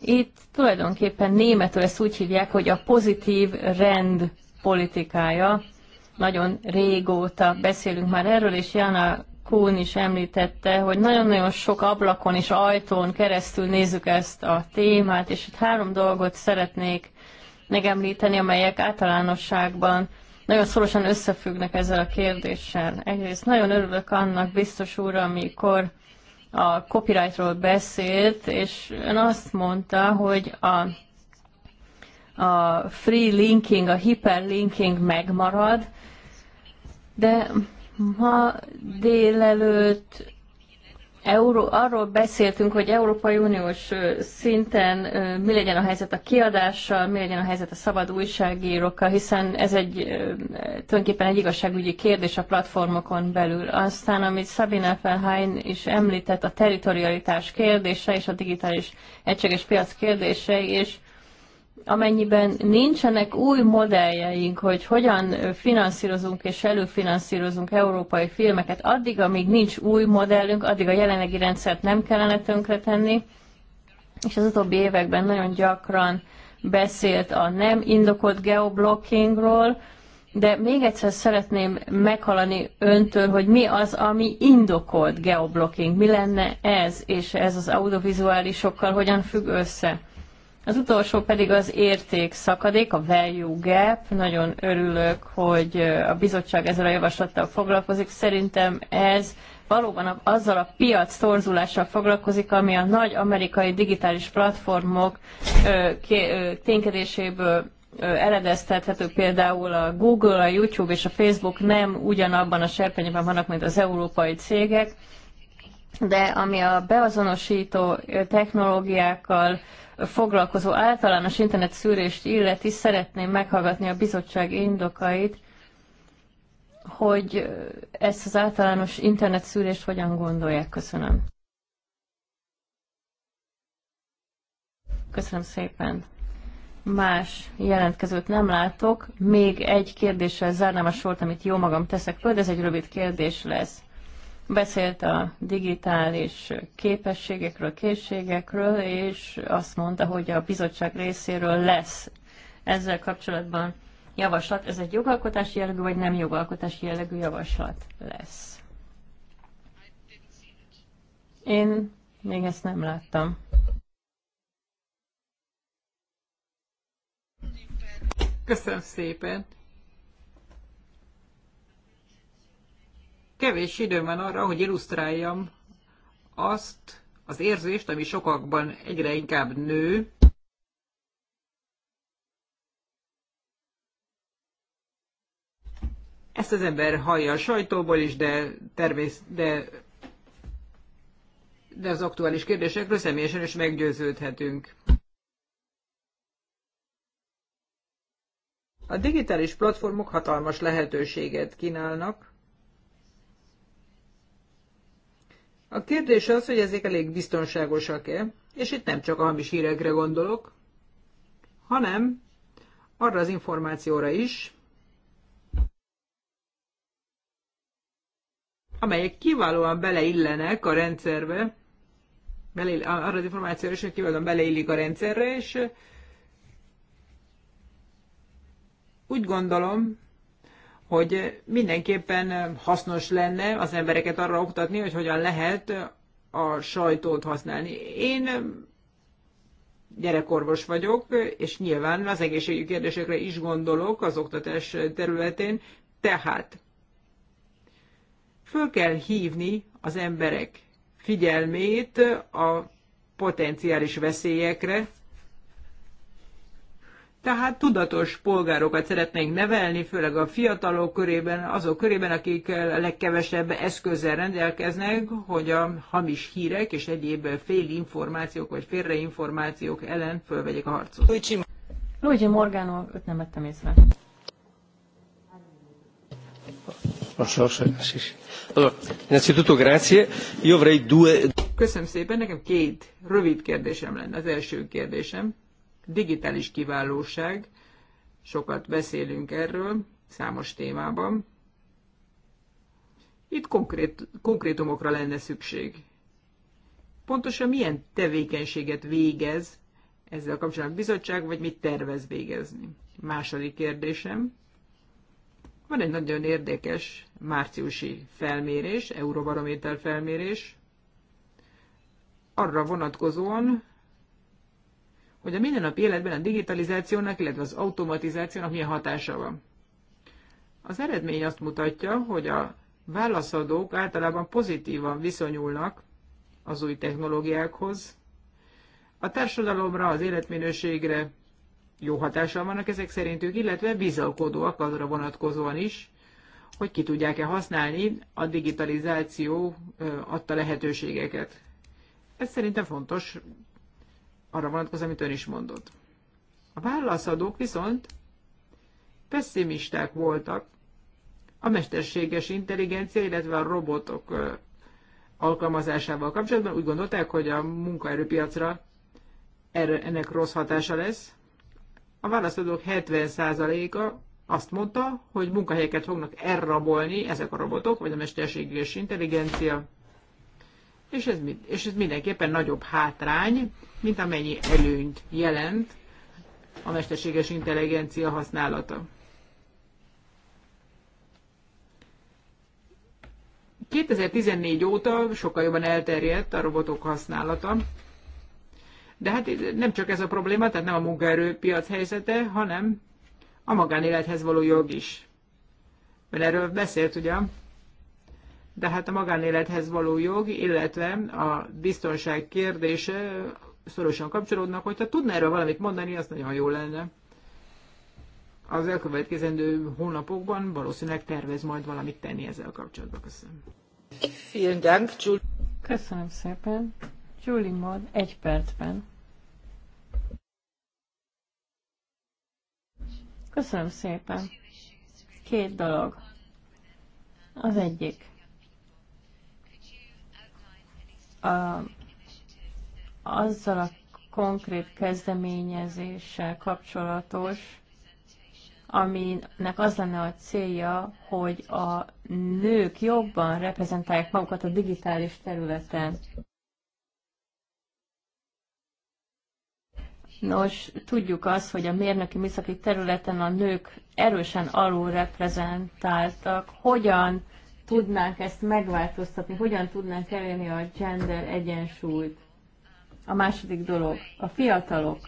Itt tulajdonképpen németül ezt úgy hívják, hogy a pozitív rend politikája. Nagyon régóta beszélünk már erről, és Jana Kuhn is említette, hogy nagyon-nagyon sok ablakon és ajtón keresztül nézzük ezt a témát, és itt három dolgot szeretnék megemlíteni, amelyek általánosságban nagyon szorosan összefüggnek ezzel a kérdéssel. Egyrészt nagyon örülök annak biztos úr, amikor a copyrightról beszélt, és ön azt mondta, hogy a, a free linking, a hyperlinking megmarad, de Ma délelőtt Euró, arról beszéltünk, hogy Európai Uniós szinten mi legyen a helyzet a kiadással, mi legyen a helyzet a szabad újságírókkal, hiszen ez egy tulajdonképpen egy igazságügyi kérdés a platformokon belül. Aztán, amit Sabine Felhain is említett, a territorialitás kérdése és a digitális egységes piac kérdése, és amennyiben nincsenek új modelljeink, hogy hogyan finanszírozunk és előfinanszírozunk európai filmeket, addig, amíg nincs új modellünk, addig a jelenlegi rendszert nem kellene tönkretenni, és az utóbbi években nagyon gyakran beszélt a nem indokolt geoblockingról, de még egyszer szeretném meghalani öntől, hogy mi az, ami indokolt geoblocking, mi lenne ez, és ez az audiovizuálisokkal hogyan függ össze. Az utolsó pedig az érték szakadék, a value gap. Nagyon örülök, hogy a bizottság ezzel a javaslattal foglalkozik. Szerintem ez valóban azzal a piac torzulással foglalkozik, ami a nagy amerikai digitális platformok ténykedéséből eredeztethető például a Google, a YouTube és a Facebook nem ugyanabban a serpenyőben vannak, mint az európai cégek, de ami a beazonosító technológiákkal foglalkozó általános internet szűrést illeti, szeretném meghallgatni a bizottság indokait, hogy ezt az általános internet szűrést hogyan gondolják. Köszönöm. Köszönöm szépen. Más jelentkezőt nem látok. Még egy kérdéssel zárnám a sort, amit jó magam teszek föl, de ez egy rövid kérdés lesz beszélt a digitális képességekről, készségekről, és azt mondta, hogy a bizottság részéről lesz ezzel kapcsolatban javaslat. Ez egy jogalkotási jellegű, vagy nem jogalkotási jellegű javaslat lesz? Én még ezt nem láttam. Köszönöm szépen. kevés időm van arra, hogy illusztráljam azt az érzést, ami sokakban egyre inkább nő, Ezt az ember hallja a sajtóból is, de, tervész, de, de az aktuális kérdésekről személyesen is meggyőződhetünk. A digitális platformok hatalmas lehetőséget kínálnak, A kérdés az, hogy ezek elég biztonságosak-e, és itt nem csak a hamis hírekre gondolok, hanem arra az információra is, amelyek kiválóan beleillenek a rendszerbe, beleill, arra az információra is, hogy kiválóan beleillik a rendszerre, és úgy gondolom, hogy mindenképpen hasznos lenne az embereket arra oktatni, hogy hogyan lehet a sajtót használni. Én gyerekorvos vagyok, és nyilván az egészségügyi kérdésekre is gondolok az oktatás területén, tehát föl kell hívni az emberek figyelmét a potenciális veszélyekre, tehát tudatos polgárokat szeretnénk nevelni, főleg a fiatalok körében, azok körében, akik a legkevesebb eszközzel rendelkeznek, hogy a hamis hírek és egyéb információk, vagy félreinformációk ellen fölvegyek a harcot. Luigi, Luigi Morgano, őt nem vettem észre. Ah, Köszönöm szépen, nekem két rövid kérdésem lenne. Az első kérdésem, digitális kiválóság, sokat beszélünk erről, számos témában. Itt konkrét, konkrétumokra lenne szükség. Pontosan milyen tevékenységet végez ezzel kapcsolatban a bizottság, vagy mit tervez végezni? Második kérdésem. Van egy nagyon érdekes márciusi felmérés, Euróbarométer felmérés, arra vonatkozóan, hogy a mindennapi életben a digitalizációnak, illetve az automatizációnak milyen hatása van. Az eredmény azt mutatja, hogy a válaszadók általában pozitívan viszonyulnak az új technológiákhoz, a társadalomra, az életminőségre jó hatással vannak ezek szerintük, illetve bizalkodóak azra vonatkozóan is, hogy ki tudják-e használni a digitalizáció adta lehetőségeket. Ez szerintem fontos arra vonatkozóan, amit ön is mondott. A válaszadók viszont pessimisták voltak a mesterséges intelligencia, illetve a robotok alkalmazásával kapcsolatban. Úgy gondolták, hogy a munkaerőpiacra ennek rossz hatása lesz. A válaszadók 70%-a azt mondta, hogy munkahelyeket fognak elrabolni ezek a robotok, vagy a mesterséges intelligencia és ez, és ez mindenképpen nagyobb hátrány, mint amennyi előnyt jelent a mesterséges intelligencia használata. 2014 óta sokkal jobban elterjedt a robotok használata, de hát nem csak ez a probléma, tehát nem a munkaerőpiac helyzete, hanem a magánélethez való jog is. Mert erről beszélt, ugye? de hát a magánélethez való jog, illetve a biztonság kérdése szorosan kapcsolódnak, hogyha tudna erről valamit mondani, az nagyon jó lenne. Az elkövetkezendő hónapokban valószínűleg tervez majd valamit tenni ezzel kapcsolatban. Köszönöm. Köszönöm szépen. Julie Mod, egy percben. Köszönöm szépen. Két dolog. Az egyik. a, azzal a konkrét kezdeményezéssel kapcsolatos, aminek az lenne a célja, hogy a nők jobban reprezentálják magukat a digitális területen. Nos, tudjuk azt, hogy a mérnöki műszaki területen a nők erősen alul reprezentáltak. Hogyan tudnánk ezt megváltoztatni, hogyan tudnánk elérni a gender egyensúlyt. A második dolog, a fiatalok.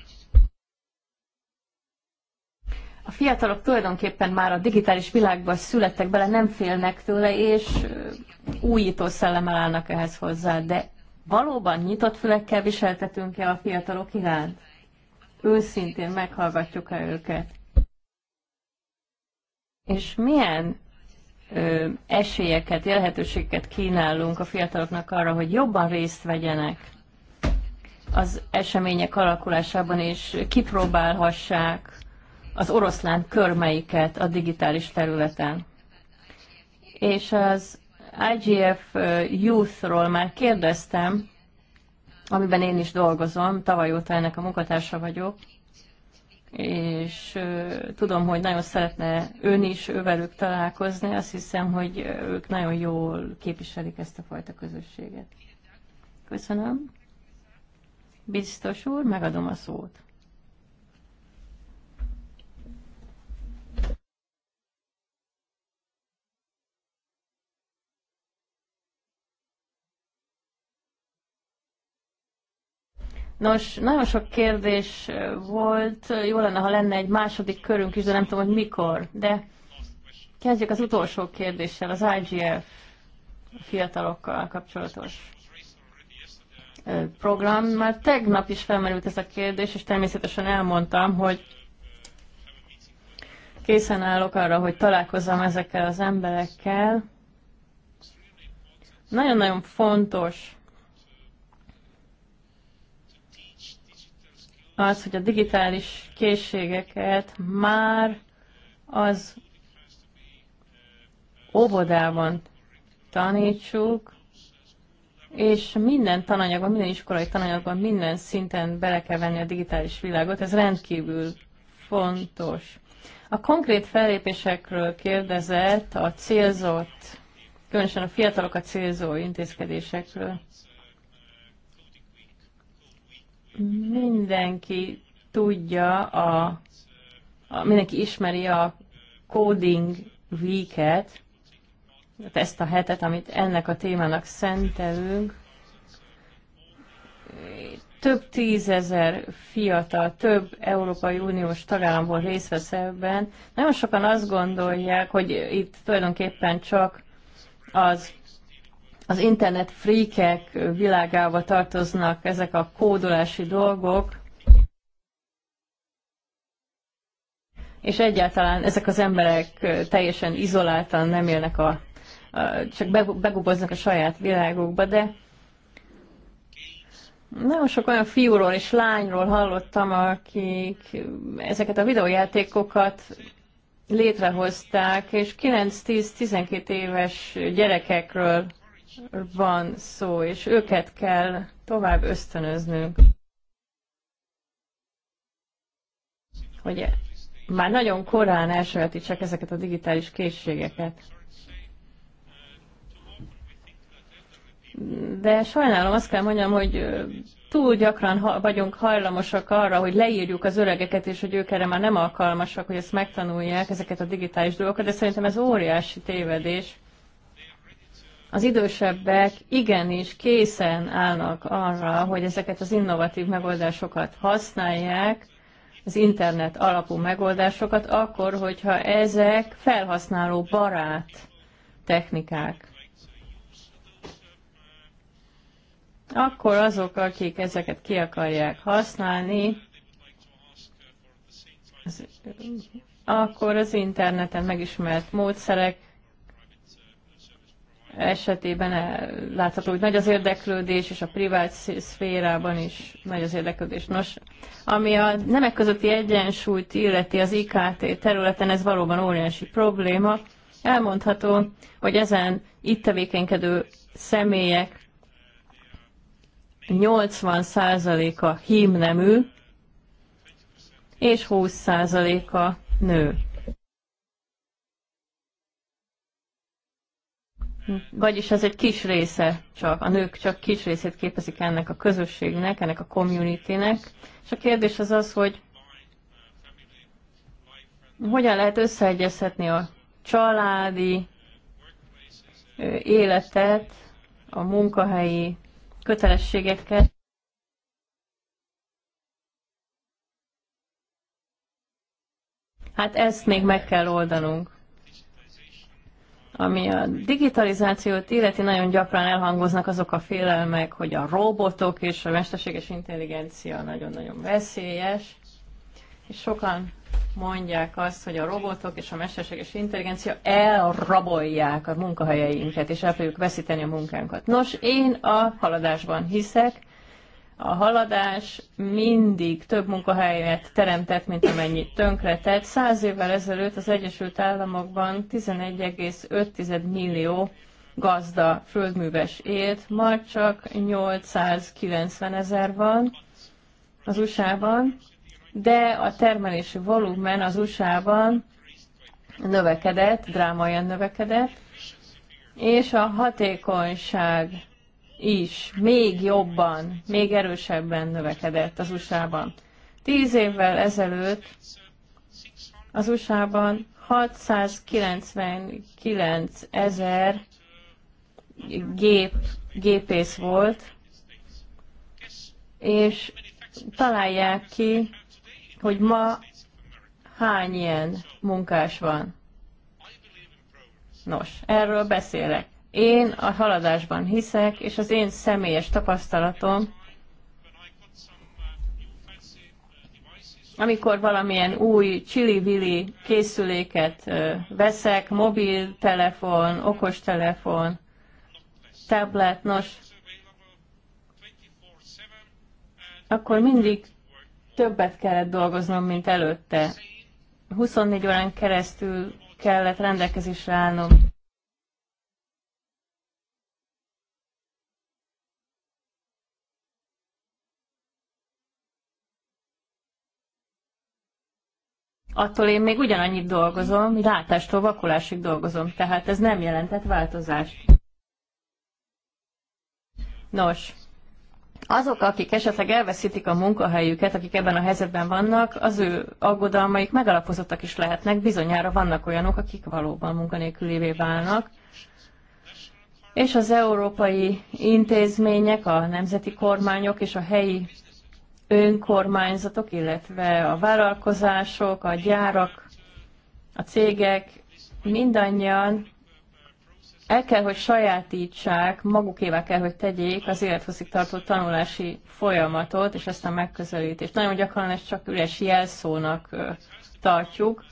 A fiatalok tulajdonképpen már a digitális világban születtek bele, nem félnek tőle, és újító szellemmel állnak ehhez hozzá. De valóban nyitott fülekkel viseltetünk-e a fiatalok iránt? Őszintén meghallgatjuk-e őket? És milyen esélyeket, lehetőségeket kínálunk a fiataloknak arra, hogy jobban részt vegyenek az események alakulásában, és kipróbálhassák az oroszlán körmeiket a digitális területen. És az IGF Youth-ról már kérdeztem, amiben én is dolgozom, tavaly óta ennek a munkatársa vagyok, és tudom, hogy nagyon szeretne ön is ővelük találkozni. Azt hiszem, hogy ők nagyon jól képviselik ezt a fajta közösséget. Köszönöm. Biztos úr, megadom a szót. Nos, nagyon sok kérdés volt, jó lenne, ha lenne egy második körünk is, de nem tudom, hogy mikor. De kezdjük az utolsó kérdéssel, az IGF fiatalokkal kapcsolatos program. Már tegnap is felmerült ez a kérdés, és természetesen elmondtam, hogy készen állok arra, hogy találkozzam ezekkel az emberekkel. Nagyon-nagyon fontos az, hogy a digitális készségeket már az óvodában tanítsuk, és minden tananyagban, minden iskolai tananyagban, minden szinten bele kell venni a digitális világot, ez rendkívül fontos. A konkrét fellépésekről kérdezett a célzott, különösen a fiatalokat célzó intézkedésekről mindenki tudja, a, a, mindenki ismeri a Coding Week-et, ezt a hetet, amit ennek a témának szentelünk. Több tízezer fiatal, több Európai Uniós tagállamból részt vesz ebben. Nagyon sokan azt gondolják, hogy itt tulajdonképpen csak az az internet freakek világába tartoznak ezek a kódolási dolgok, és egyáltalán ezek az emberek teljesen izoláltan nem élnek a, a csak beguboznak a saját világukba, de nagyon sok olyan fiúról és lányról hallottam, akik ezeket a videójátékokat létrehozták, és 9-10-12 éves gyerekekről van szó, és őket kell tovább ösztönöznünk. Hogy már nagyon korán elsajátítsák ezeket a digitális készségeket. De sajnálom, azt kell mondjam, hogy túl gyakran ha, vagyunk hajlamosak arra, hogy leírjuk az öregeket, és hogy ők erre már nem alkalmasak, hogy ezt megtanulják, ezeket a digitális dolgokat, de szerintem ez óriási tévedés az idősebbek igenis készen állnak arra, hogy ezeket az innovatív megoldásokat használják, az internet alapú megoldásokat, akkor, hogyha ezek felhasználó barát technikák. Akkor azok, akik ezeket ki akarják használni, az, akkor az interneten megismert módszerek esetében eh, látható, hogy nagy az érdeklődés, és a privát szférában is nagy az érdeklődés. Nos, ami a nemek közötti egyensúlyt illeti az IKT területen, ez valóban óriási probléma. Elmondható, hogy ezen itt tevékenykedő személyek 80%-a hímnemű, és 20%-a nő. Hm. Vagyis ez egy kis része csak, a nők csak kis részét képezik ennek a közösségnek, ennek a communitynek. És a kérdés az az, hogy hogyan lehet összeegyezhetni a családi életet, a munkahelyi kötelességeket. Hát ezt még meg kell oldanunk. Ami a digitalizációt illeti, nagyon gyakran elhangoznak azok a félelmek, hogy a robotok és a mesterséges intelligencia nagyon-nagyon veszélyes, és sokan mondják azt, hogy a robotok és a mesterséges intelligencia elrabolják a munkahelyeinket, és el fogjuk veszíteni a munkánkat. Nos, én a haladásban hiszek, a haladás mindig több munkahelyet teremtett, mint amennyit tönkretett. Száz évvel ezelőtt az Egyesült Államokban 11,5 millió gazda földműves élt, ma csak 890 ezer van az USA-ban, de a termelési volumen az USA-ban növekedett, drámaian növekedett, és a hatékonyság is még jobban, még erősebben növekedett az USA-ban. Tíz évvel ezelőtt az USA-ban 699 ezer gép, gépész volt, és találják ki, hogy ma hány ilyen munkás van. Nos, erről beszélek. Én a haladásban hiszek, és az én személyes tapasztalatom, amikor valamilyen új csili-vili készüléket veszek, mobiltelefon, okostelefon, tablet, nos, akkor mindig többet kellett dolgoznom, mint előtte. 24 órán keresztül kellett rendelkezésre állnom attól én még ugyanannyit dolgozom, látástól vakulásig dolgozom, tehát ez nem jelentett változást. Nos, azok, akik esetleg elveszítik a munkahelyüket, akik ebben a helyzetben vannak, az ő aggodalmaik megalapozottak is lehetnek, bizonyára vannak olyanok, akik valóban munkanélkülévé válnak, és az európai intézmények, a nemzeti kormányok és a helyi önkormányzatok, illetve a vállalkozások, a gyárak, a cégek mindannyian el kell, hogy sajátítsák, magukévá kell, hogy tegyék az élethosszig tartó tanulási folyamatot, és ezt a megközelítést. Nagyon gyakran ezt csak üres jelszónak tartjuk,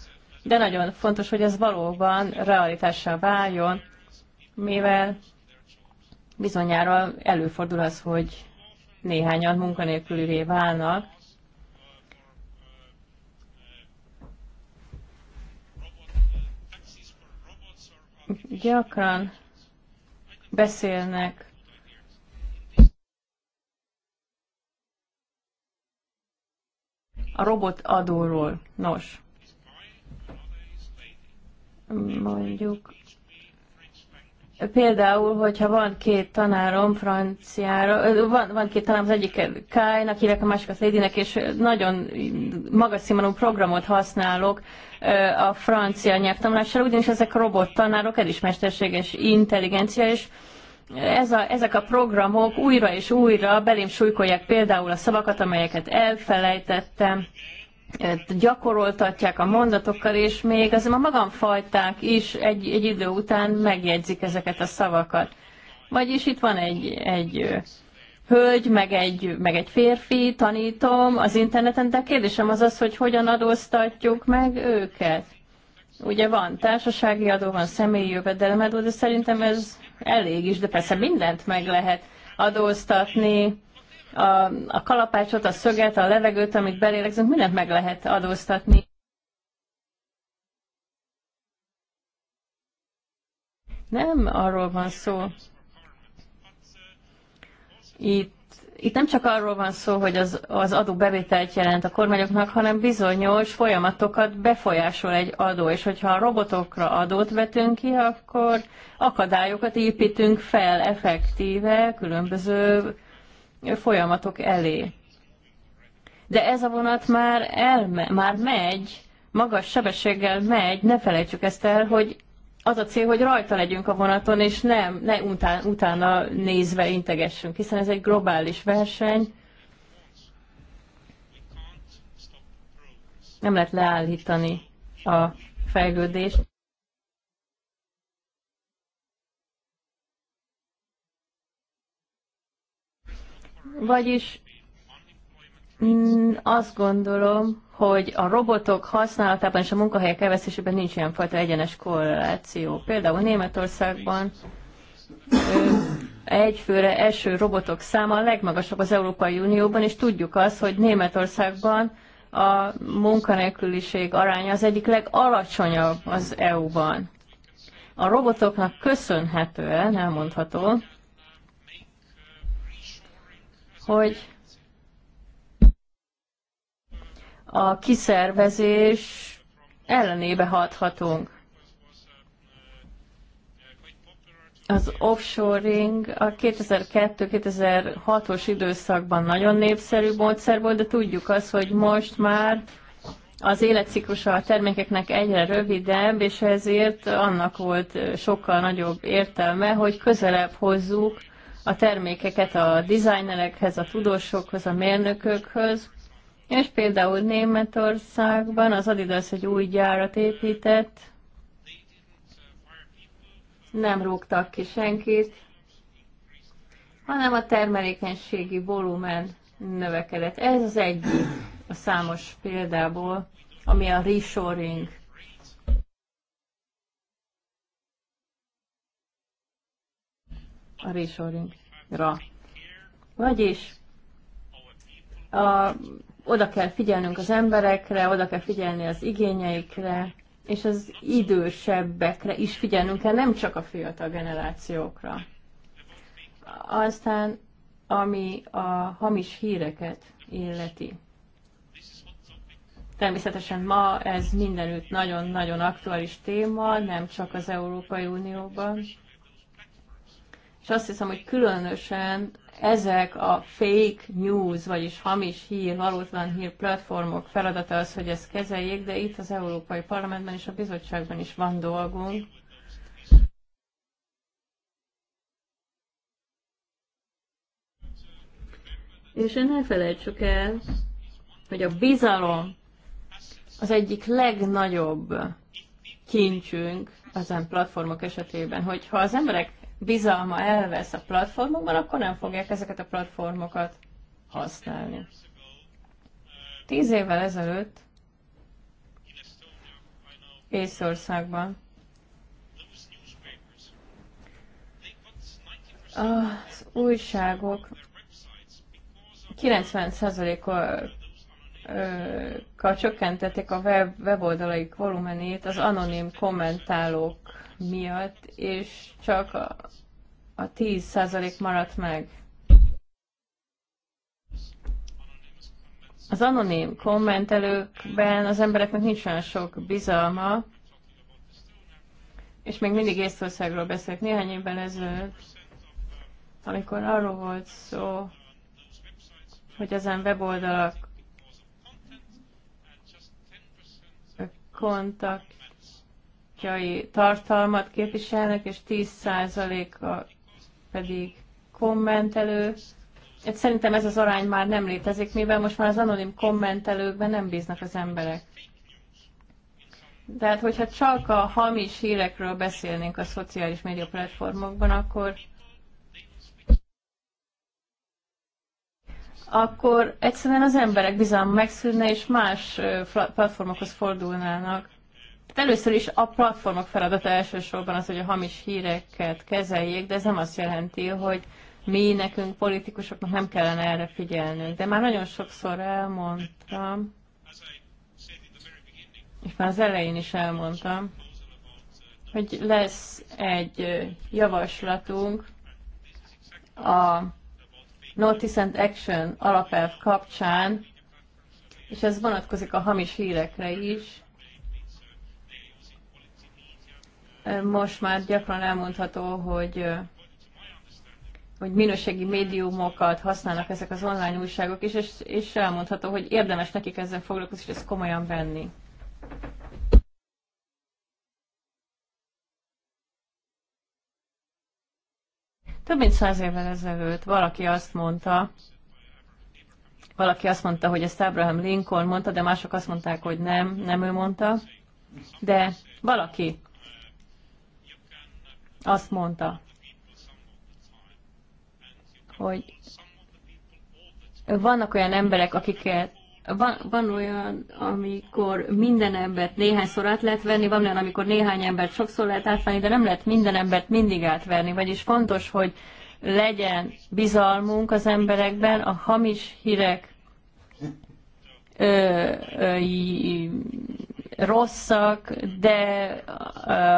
de nagyon fontos, hogy ez valóban realitásra váljon, mivel bizonyára előfordul az, hogy néhányan munkanélkülivé válnak. Gyakran beszélnek a robot adóról. Nos, mondjuk Például, hogyha van két tanárom franciára, van, van két tanárom, az egyik Kájnak hívják, a másikat Lédinek, és nagyon magas színvonalú programot használok a francia nyelvtanulásra, ugyanis ezek robot tanárok, ez is mesterséges intelligencia, és ez a, ezek a programok újra és újra belém súlykolják például a szavakat, amelyeket elfelejtettem, gyakoroltatják a mondatokkal, és még az a fajták is egy, egy idő után megjegyzik ezeket a szavakat. Vagyis itt van egy, egy hölgy, meg egy, meg egy férfi, tanítom az interneten, de a kérdésem az az, hogy hogyan adóztatjuk meg őket. Ugye van társasági adó, van személyi jövedelemadó, de szerintem ez elég is, de persze mindent meg lehet adóztatni, a, a kalapácsot, a szöget, a levegőt, amit belélegzünk, mindent meg lehet adóztatni. Nem arról van szó. Itt itt nem csak arról van szó, hogy az, az adó bevételt jelent a kormányoknak, hanem bizonyos folyamatokat befolyásol egy adó, és hogyha a robotokra adót vetünk ki, akkor akadályokat építünk fel effektíve különböző folyamatok elé. De ez a vonat már, elme, már megy, magas sebességgel megy, ne felejtsük ezt el, hogy az a cél, hogy rajta legyünk a vonaton, és nem, ne után, utána nézve integessünk, hiszen ez egy globális verseny. Nem lehet leállítani a fejlődést. Vagyis azt gondolom, hogy a robotok használatában és a munkahelyek elvesztésében nincs ilyen fajta egyenes korreláció. Például Németországban egyfőre eső robotok száma a legmagasabb az Európai Unióban, és tudjuk azt, hogy Németországban a munkanélküliség aránya az egyik legalacsonyabb az EU-ban. A robotoknak köszönhetően elmondható, hogy a kiszervezés ellenébe hathatunk. Az offshoring a 2002-2006-os időszakban nagyon népszerű módszer volt, de tudjuk azt, hogy most már az életciklusa a termékeknek egyre rövidebb, és ezért annak volt sokkal nagyobb értelme, hogy közelebb hozzuk a termékeket a dizájnerekhez, a tudósokhoz, a mérnökökhöz, és például Németországban az Adidas egy új gyárat épített, nem rúgtak ki senkit, hanem a termelékenységi volumen növekedett. Ez az egyik a számos példából, ami a reshoring a reshoringra. Vagyis a, oda kell figyelnünk az emberekre, oda kell figyelni az igényeikre, és az idősebbekre is figyelnünk kell, nem csak a fiatal generációkra. Aztán, ami a hamis híreket illeti. Természetesen ma ez mindenütt nagyon-nagyon aktuális téma, nem csak az Európai Unióban és azt hiszem, hogy különösen ezek a fake news, vagyis hamis hír, valótlan hír platformok feladata az, hogy ezt kezeljék, de itt az Európai Parlamentben és a bizottságban is van dolgunk. És ne felejtsük el, hogy a bizalom az egyik legnagyobb kincsünk ezen platformok esetében, hogyha az emberek bizalma elvesz a platformokban, akkor nem fogják ezeket a platformokat használni. Tíz évvel ezelőtt Észországban az újságok 90%-kal csökkentették a web, weboldalaik volumenét az anonim kommentálók miatt, és csak a, a 10% maradt meg. Az anonim kommentelőkben az embereknek nincs olyan sok bizalma, és még mindig Észtországról beszélek. Néhány évvel ezelőtt, amikor arról volt szó, hogy ezen weboldalak kontak riportjai tartalmat képviselnek, és 10%-a pedig kommentelő. Hát szerintem ez az arány már nem létezik, mivel most már az anonim kommentelőkben nem bíznak az emberek. Tehát, hogyha csak a hamis hírekről beszélnénk a szociális média platformokban, akkor akkor egyszerűen az emberek bizalma megszűnne, és más platformokhoz fordulnának először is a platformok feladata elsősorban az, hogy a hamis híreket kezeljék, de ez nem azt jelenti, hogy mi nekünk politikusoknak nem kellene erre figyelnünk. De már nagyon sokszor elmondtam, és már az elején is elmondtam, hogy lesz egy javaslatunk a Notice and Action alapelv kapcsán, és ez vonatkozik a hamis hírekre is, most már gyakran elmondható, hogy hogy minőségi médiumokat használnak ezek az online újságok is, és, és elmondható, hogy érdemes nekik ezzel foglalkozni, és ezt komolyan venni. Több mint száz évvel ezelőtt valaki azt mondta, valaki azt mondta, hogy ezt Abraham Lincoln mondta, de mások azt mondták, hogy nem, nem ő mondta, de valaki azt mondta, hogy vannak olyan emberek, akiket van, van olyan, amikor minden embert néhányszor át lehet venni, van olyan, amikor néhány embert sokszor lehet átvenni, de nem lehet minden embert mindig átverni. Vagyis fontos, hogy legyen bizalmunk az emberekben, a hamis hírek ö, ö, rosszak, de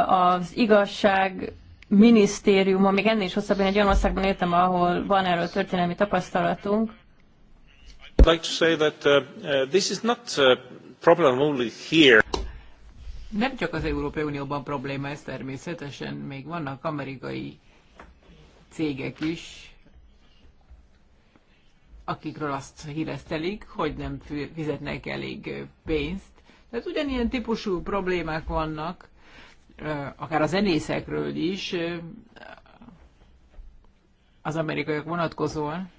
az igazság minisztériuma, még ennél is hosszabb, én egy olyan országban éltem, ahol van erről történelmi tapasztalatunk. like to say that uh, uh, this is not a uh, problem only here. Nem csak az Európai Unióban probléma ez természetesen, még vannak amerikai cégek is, akikről azt híresztelik, hogy nem fizetnek elég pénzt. Tehát ugyanilyen típusú problémák vannak akár a zenészekről is, az amerikaiak vonatkozóan.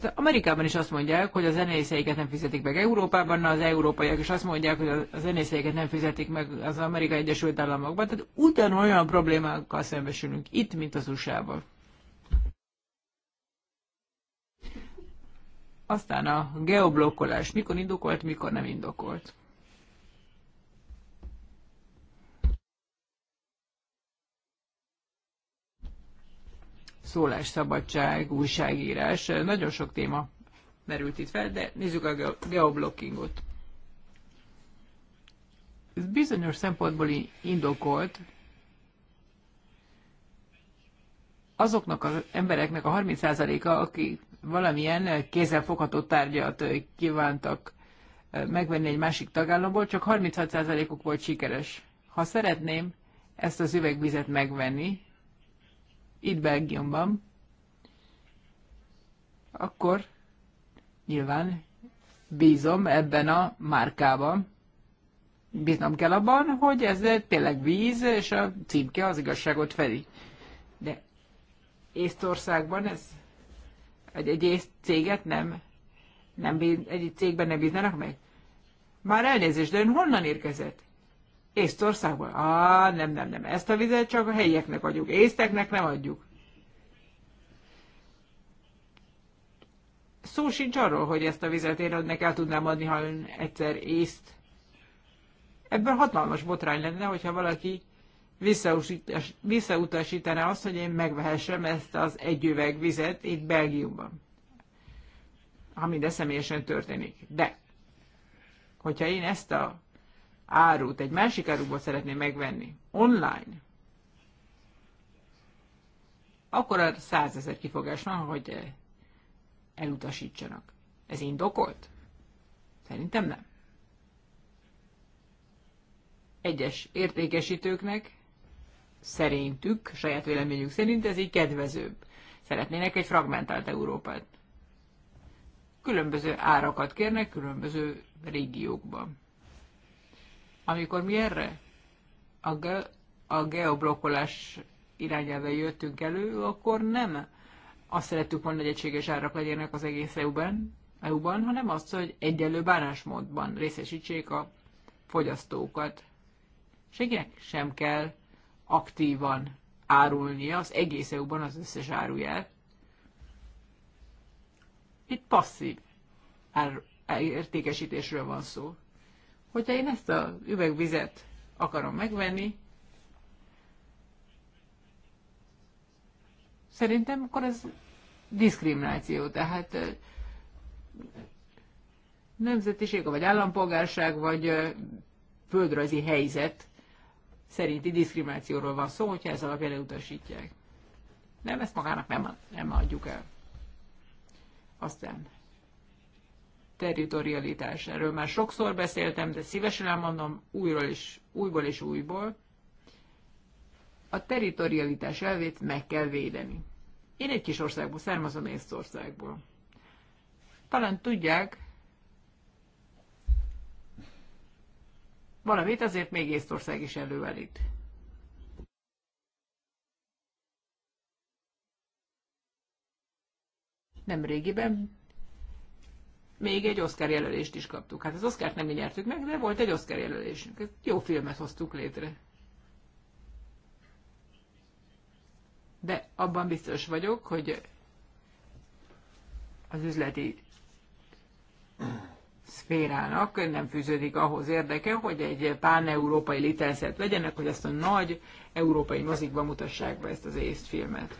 De Amerikában is azt mondják, hogy a zenészeiket nem fizetik meg Európában, na az európaiak is azt mondják, hogy a zenészeiket nem fizetik meg az Amerikai Egyesült Államokban. Tehát ugyanolyan problémákkal szembesülünk itt, mint az USA-ban. Aztán a geoblokkolás mikor indokolt, mikor nem indokolt. szólásszabadság, újságírás, nagyon sok téma merült itt fel, de nézzük a geoblockingot. Ez bizonyos szempontból indokolt azoknak az embereknek a 30%-a, akik valamilyen kézzelfogható tárgyat kívántak megvenni egy másik tagállamból, csak 36%-uk volt sikeres. Ha szeretném ezt az üvegvizet megvenni, itt Belgiumban, akkor nyilván bízom ebben a márkában. Bíznom kell abban, hogy ez tényleg víz, és a címke az igazságot fedi. De Észtországban ez egy, egy ész céget nem, nem bíz, egy cégben nem bíznának meg? Már elnézést, de ön honnan érkezett? Észtországban? Á, nem, nem, nem. Ezt a vizet csak a helyieknek adjuk. Észteknek nem adjuk. Szó sincs arról, hogy ezt a vizet én önnek el tudnám adni, ha ön egyszer észt. Ebből hatalmas botrány lenne, hogyha valaki visszautasítaná azt, hogy én megvehessem ezt az egy üveg vizet itt Belgiumban. Ha minden személyesen történik. De, hogyha én ezt a árut egy másik áruból szeretné megvenni online, akkor a százezer kifogás van, hogy elutasítsanak. Ez indokolt? Szerintem nem. Egyes értékesítőknek szerintük, saját véleményük szerint ez így kedvezőbb. Szeretnének egy fragmentált Európát. Különböző árakat kérnek különböző régiókban. Amikor mi erre a, ge- a geoblokkolás irányába jöttünk elő, akkor nem azt szerettük volna, hogy egységes árak legyenek az egész EU-ben, EU-ban, hanem azt, hogy egyenlő bánásmódban részesítsék a fogyasztókat. Senkinek sem kell aktívan árulnia az egész EU-ban az összes áruját. Itt passzív ár, értékesítésről van szó. Hogyha én ezt a üvegvizet akarom megvenni, szerintem akkor ez diszkrimináció. Tehát nemzetiség, vagy állampolgárság, vagy földrajzi helyzet szerinti diszkriminációról van szó, hogyha ez alapján utasítják. Nem, ezt magának nem, nem adjuk el. Aztán territorialitás. Erről már sokszor beszéltem, de szívesen elmondom újról is, újból és újból. A territorialitás elvét meg kell védeni. Én egy kis országból származom, Észtországból. Talán tudják, valamit azért még Észtország is előállít. Nem régiben még egy Oscar jelölést is kaptuk. Hát az Oscar-t nem mi nyertük meg, de volt egy Oscar jelölésünk. jó filmet hoztuk létre. De abban biztos vagyok, hogy az üzleti szférának nem fűződik ahhoz érdeke, hogy egy pán-európai litenszert vegyenek, hogy ezt a nagy európai mozikban mutassák be ezt az észt filmet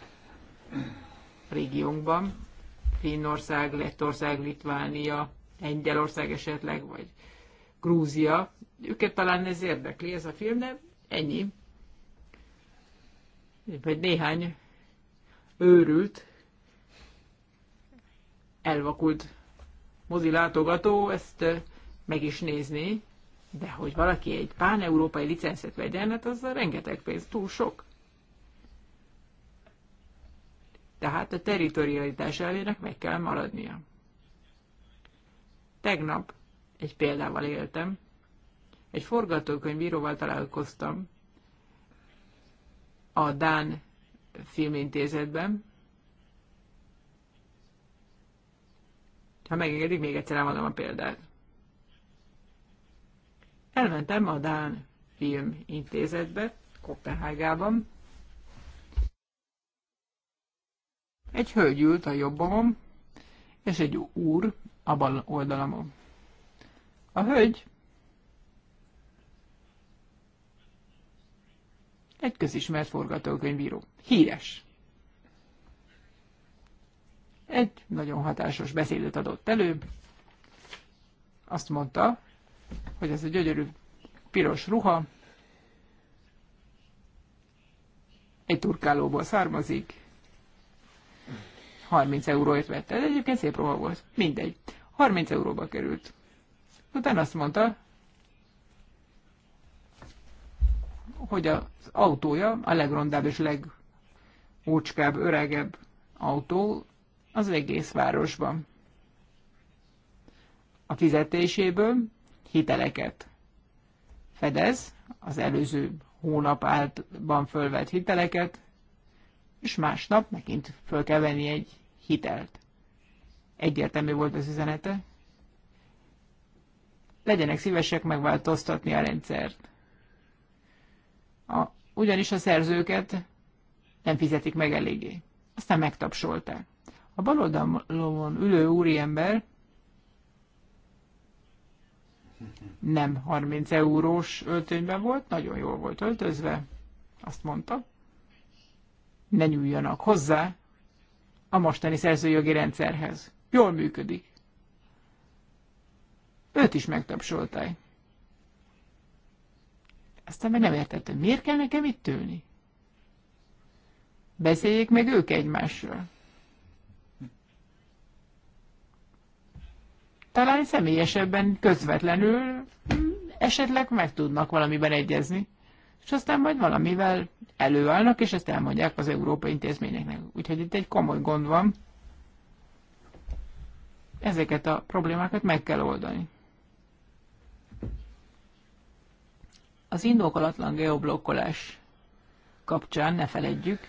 a régiónkban. Finnország, Lettország, Litvánia, Lengyelország esetleg, vagy Grúzia. Őket talán ez érdekli, ez a film, de ennyi. Vagy néhány őrült, elvakult mozi látogató ezt meg is nézni, de hogy valaki egy pán-európai licenszet vegyen, hát az rengeteg pénz, túl sok. Tehát a territorialitás elvének meg kell maradnia. Tegnap egy példával éltem. Egy forgatókönyvíróval találkoztam a Dán filmintézetben. Ha megengedik, még egyszer elmondom a példát. Elmentem a Dán filmintézetbe, Kopenhágában, Egy hölgy ült a jobbomon, és egy úr a bal oldalamon. A hölgy egy közismert forgatókönyvíró. Híres. Egy nagyon hatásos beszédet adott elő. Azt mondta, hogy ez a gyönyörű piros ruha egy turkálóból származik, 30 euróért vette. Ez egyébként szép ruha volt. Mindegy. 30 euróba került. Utána azt mondta, hogy az autója, a legrondább és legócskább, öregebb autó az egész városban. A fizetéséből hiteleket fedez, az előző hónap általban fölvett hiteleket, és másnap megint föl kell venni egy hitelt. Egyértelmű volt az üzenete. Legyenek szívesek megváltoztatni a rendszert. A, ugyanis a szerzőket nem fizetik meg eléggé. Aztán megtapsolták. A baloldalon ülő úriember nem 30 eurós öltönyben volt, nagyon jól volt öltözve, azt mondta, ne nyúljanak hozzá, a mostani szerzőjogi rendszerhez. Jól működik. Őt is megtapsoltál. Aztán meg nem értettem, miért kell nekem itt ülni? Beszéljék meg ők egymással. Talán személyesebben, közvetlenül mm, esetleg meg tudnak valamiben egyezni és aztán majd valamivel előállnak, és ezt elmondják az európai intézményeknek. Úgyhogy itt egy komoly gond van. Ezeket a problémákat meg kell oldani. Az indokolatlan geoblokkolás kapcsán ne feledjük,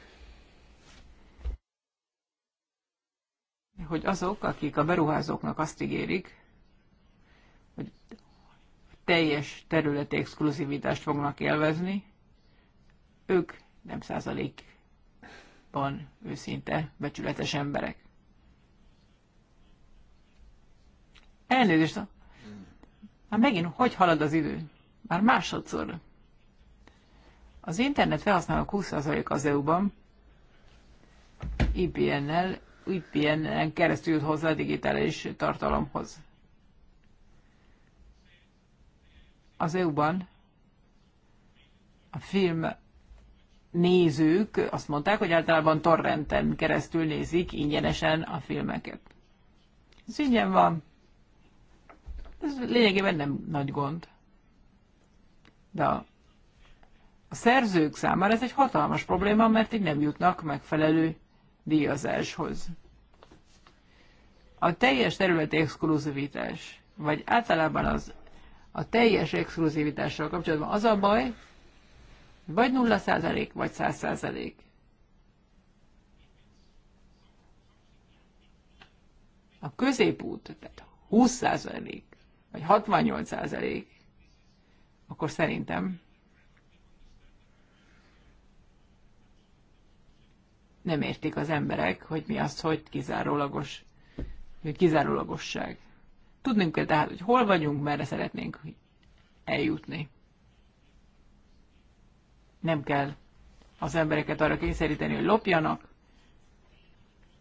hogy azok, akik a beruházóknak azt ígérik, hogy teljes területi exkluzivitást fognak élvezni. Ők nem százalékban őszinte becsületes emberek. Elnézést! Már hát megint hogy halad az idő? Már másodszor. Az internet felhasználók 20% az EU-ban IPN-nel, IPN-en keresztül hozzá a digitális tartalomhoz. az EU-ban a film nézők azt mondták, hogy általában torrenten keresztül nézik ingyenesen a filmeket. Ez ingyen van. Ez lényegében nem nagy gond. De a, a szerzők számára ez egy hatalmas probléma, mert így nem jutnak megfelelő díjazáshoz. A teljes terület exkluzivitás, vagy általában az a teljes exkluzivitással kapcsolatban az a baj, vagy 0% vagy 100%. A középút, tehát 20% vagy 68%, akkor szerintem nem értik az emberek, hogy mi az, hogy kizárólagos, hogy kizárólagosság. Tudnunk kell tehát, hogy hol vagyunk, merre szeretnénk eljutni. Nem kell az embereket arra kényszeríteni, hogy lopjanak.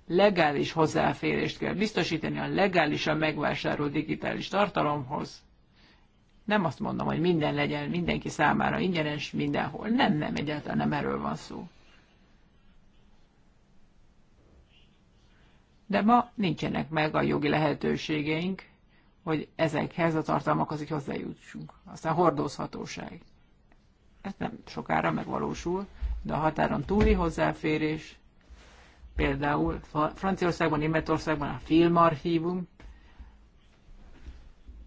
Legális hozzáférést kell biztosítani a legálisan megvásárolt digitális tartalomhoz. Nem azt mondom, hogy minden legyen mindenki számára ingyenes mindenhol. Nem, nem, egyáltalán nem erről van szó. De ma nincsenek meg a jogi lehetőségeink hogy ezekhez a tartalmakhoz így hozzájutsunk. Aztán hordozhatóság. Ez nem sokára megvalósul, de a határon túli hozzáférés, például Franciaországban, Németországban a filmarchívum,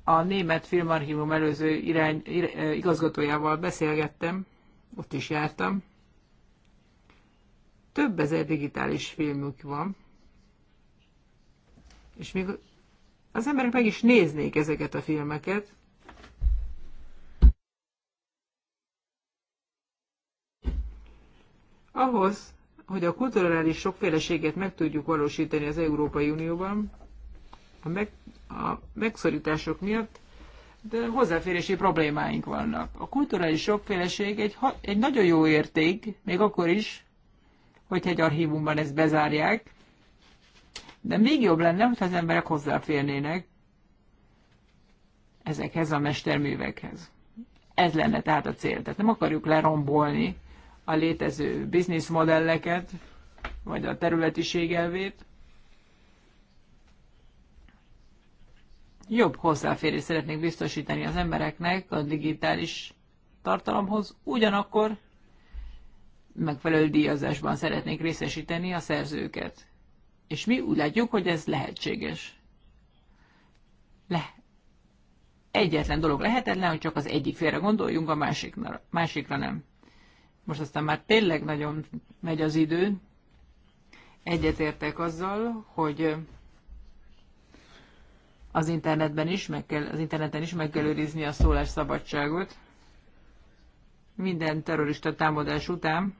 a német filmarchívum előző irány, igazgatójával beszélgettem, ott is jártam. Több ezer digitális filmük van, és még az emberek meg is néznék ezeket a filmeket. Ahhoz, hogy a kulturális sokféleséget meg tudjuk valósítani az Európai Unióban, a, meg, a megszorítások miatt de hozzáférési problémáink vannak. A kulturális sokféleség egy, egy nagyon jó érték, még akkor is, hogyha egy archívumban ezt bezárják, de még jobb lenne, ha az emberek hozzáférnének ezekhez a mesterművekhez. Ez lenne tehát a cél. Tehát nem akarjuk lerombolni a létező bizniszmodelleket, vagy a területiség elvét. Jobb hozzáférés szeretnék biztosítani az embereknek a digitális tartalomhoz, ugyanakkor megfelelő díjazásban szeretnék részesíteni a szerzőket. És mi úgy látjuk, hogy ez lehetséges. Le. Egyetlen dolog lehetetlen, hogy csak az egyik félre gondoljunk, a másikra, másikra nem. Most aztán már tényleg nagyon megy az idő. Egyetértek azzal, hogy az internetben is, meg kell, az interneten is meg kell őrizni a szólásszabadságot. Minden terrorista támadás után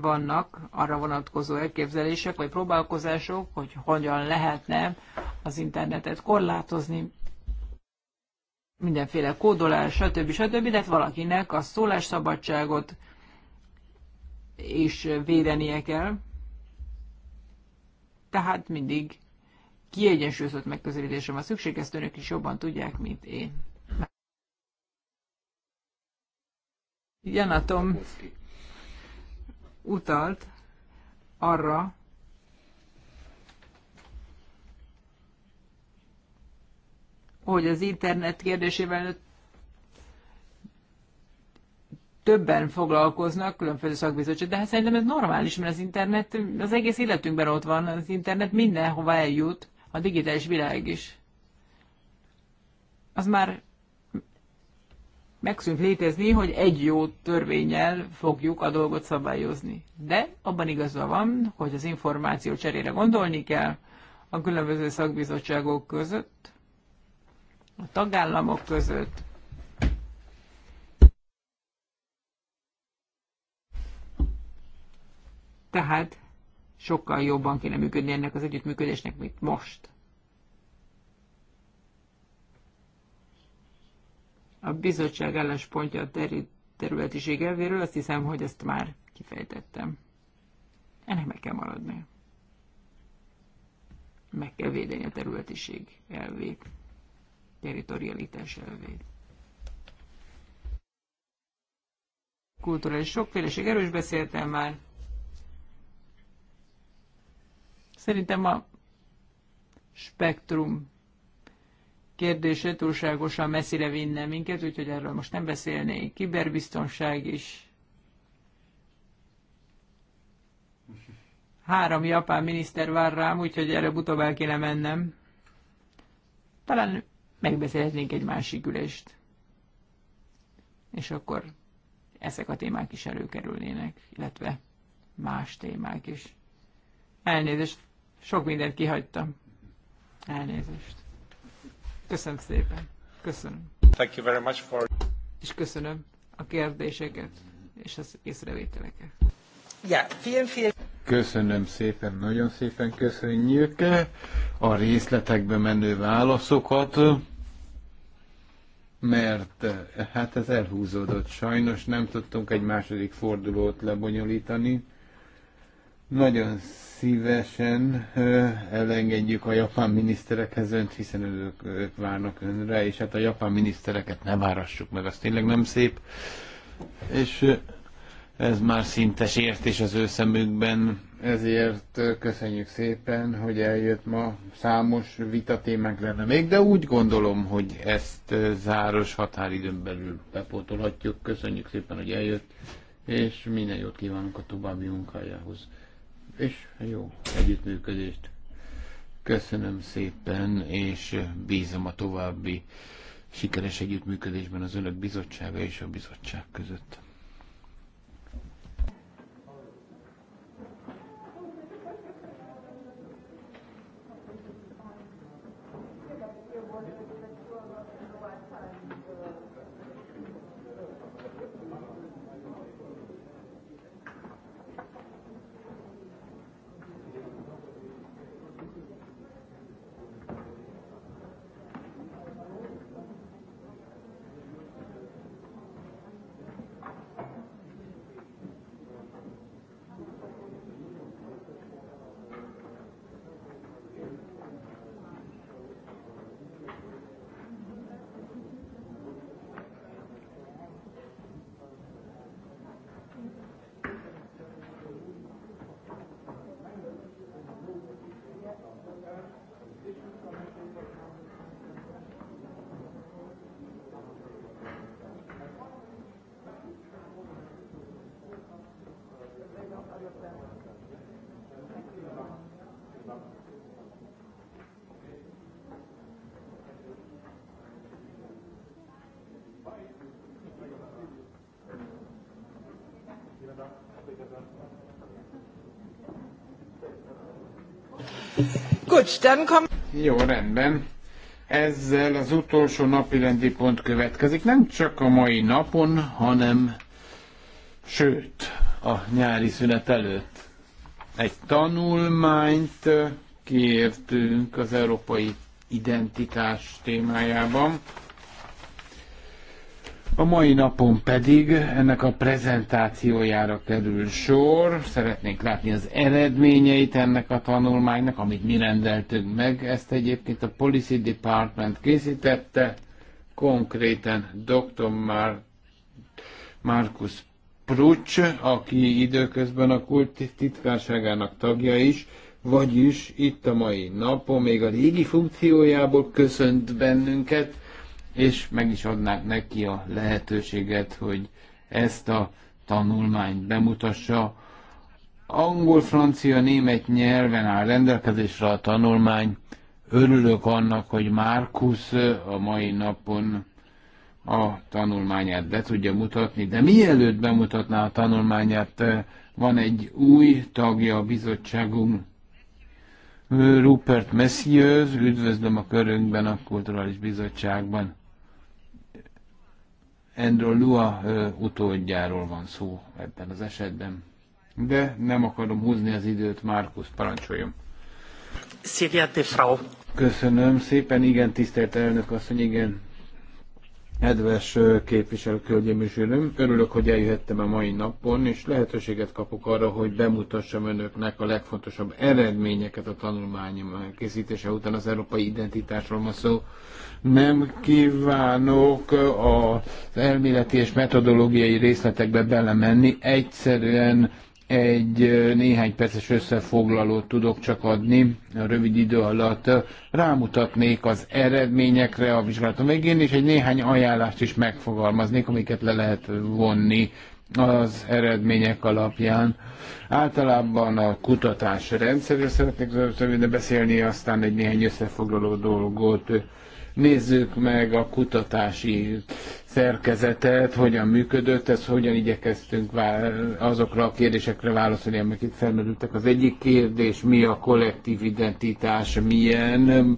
vannak arra vonatkozó elképzelések vagy próbálkozások, hogy hogyan lehetne az internetet korlátozni, mindenféle kódolás, stb. stb. De hát valakinek a szólásszabadságot is védenie kell. Tehát mindig kiegyensúlyozott megközelítésre van szükség, ezt önök is jobban tudják, mint én. Janatom utalt arra, hogy az internet kérdésével többen foglalkoznak, különböző szakbizottság, de hát szerintem ez normális, mert az internet az egész életünkben ott van, az internet mindenhova eljut, a digitális világ is. Az már megszűnt létezni, hogy egy jó törvényel fogjuk a dolgot szabályozni. De abban igaza van, hogy az információ cserére gondolni kell a különböző szakbizottságok között, a tagállamok között, Tehát sokkal jobban kéne működni ennek az együttműködésnek, mint most. a bizottság álláspontja a ter- területiség elvéről, azt hiszem, hogy ezt már kifejtettem. Ennek meg kell maradni. Meg kell védeni a területiség elvét, territorialitás elvét. Kulturális sokféleség, erős beszéltem már. Szerintem a spektrum kérdése túlságosan messzire vinne minket, úgyhogy erről most nem beszélnék. Kiberbiztonság is. Három japán miniszter vár rám, úgyhogy előbb-utóbb el kéne mennem. Talán megbeszélhetnénk egy másik ülést. És akkor ezek a témák is előkerülnének, illetve más témák is. Elnézést, sok mindent kihagytam. Elnézést. Köszönöm szépen. Köszönöm. Thank you very much for... És köszönöm a kérdéseket és az észrevételeket. Yeah, Köszönöm szépen, nagyon szépen köszönjük a részletekbe menő válaszokat, mert hát ez elhúzódott sajnos, nem tudtunk egy második fordulót lebonyolítani. Nagyon szívesen elengedjük a japán miniszterekhez önt, hiszen ők, ők várnak önre, és hát a japán minisztereket nem várassuk meg, az tényleg nem szép. És ez már szinte sértés az ő szemükben, ezért köszönjük szépen, hogy eljött ma számos témánk lenne még, de úgy gondolom, hogy ezt záros határidőn belül bepótolhatjuk. Köszönjük szépen, hogy eljött, és minden jót kívánunk a további munkájához és jó együttműködést. Köszönöm szépen, és bízom a további sikeres együttműködésben az Önök bizottsága és a bizottság között. Gut, dann komm... Jó, rendben. Ezzel az utolsó napi rendi pont következik, nem csak a mai napon, hanem sőt, a nyári szünet előtt. Egy tanulmányt kértünk az európai identitás témájában. A mai napon pedig ennek a prezentációjára kerül sor. Szeretnénk látni az eredményeit ennek a tanulmánynak, amit mi rendeltünk meg. Ezt egyébként a Policy Department készítette, konkrétan dr. Mar- Markus Prucs, aki időközben a kult titkárságának tagja is, vagyis itt a mai napon még a régi funkciójából köszönt bennünket, és meg is adnák neki a lehetőséget, hogy ezt a tanulmányt bemutassa. Angol, francia, német nyelven áll rendelkezésre a tanulmány. Örülök annak, hogy Márkusz a mai napon a tanulmányát be tudja mutatni, de mielőtt bemutatná a tanulmányát, van egy új tagja a bizottságunk, Rupert Messieurs, üdvözlöm a körünkben a Kulturális Bizottságban. Andrew Lua utódjáról van szó ebben az esetben. De nem akarom húzni az időt, Markus parancsoljon. Szia, Frau. Köszönöm szépen, igen, tisztelt elnök asszony, igen, Kedves képviselők, hölgyeim és uraim, örülök, hogy eljöhettem a mai napon, és lehetőséget kapok arra, hogy bemutassam önöknek a legfontosabb eredményeket a tanulmányom készítése után az európai identitásról ma szó. Nem kívánok az elméleti és metodológiai részletekbe belemenni, egyszerűen egy néhány perces összefoglalót tudok csak adni a rövid idő alatt. Rámutatnék az eredményekre a vizsgálatom végén, és egy néhány ajánlást is megfogalmaznék, amiket le lehet vonni az eredmények alapján. Általában a kutatás rendszerről szeretnék röviden beszélni, aztán egy néhány összefoglaló dolgot. Nézzük meg a kutatási szerkezetet, hogyan működött, ez hogyan igyekeztünk azokra a kérdésekre válaszolni, amik itt felmerültek. Az egyik kérdés, mi a kollektív identitás, milyen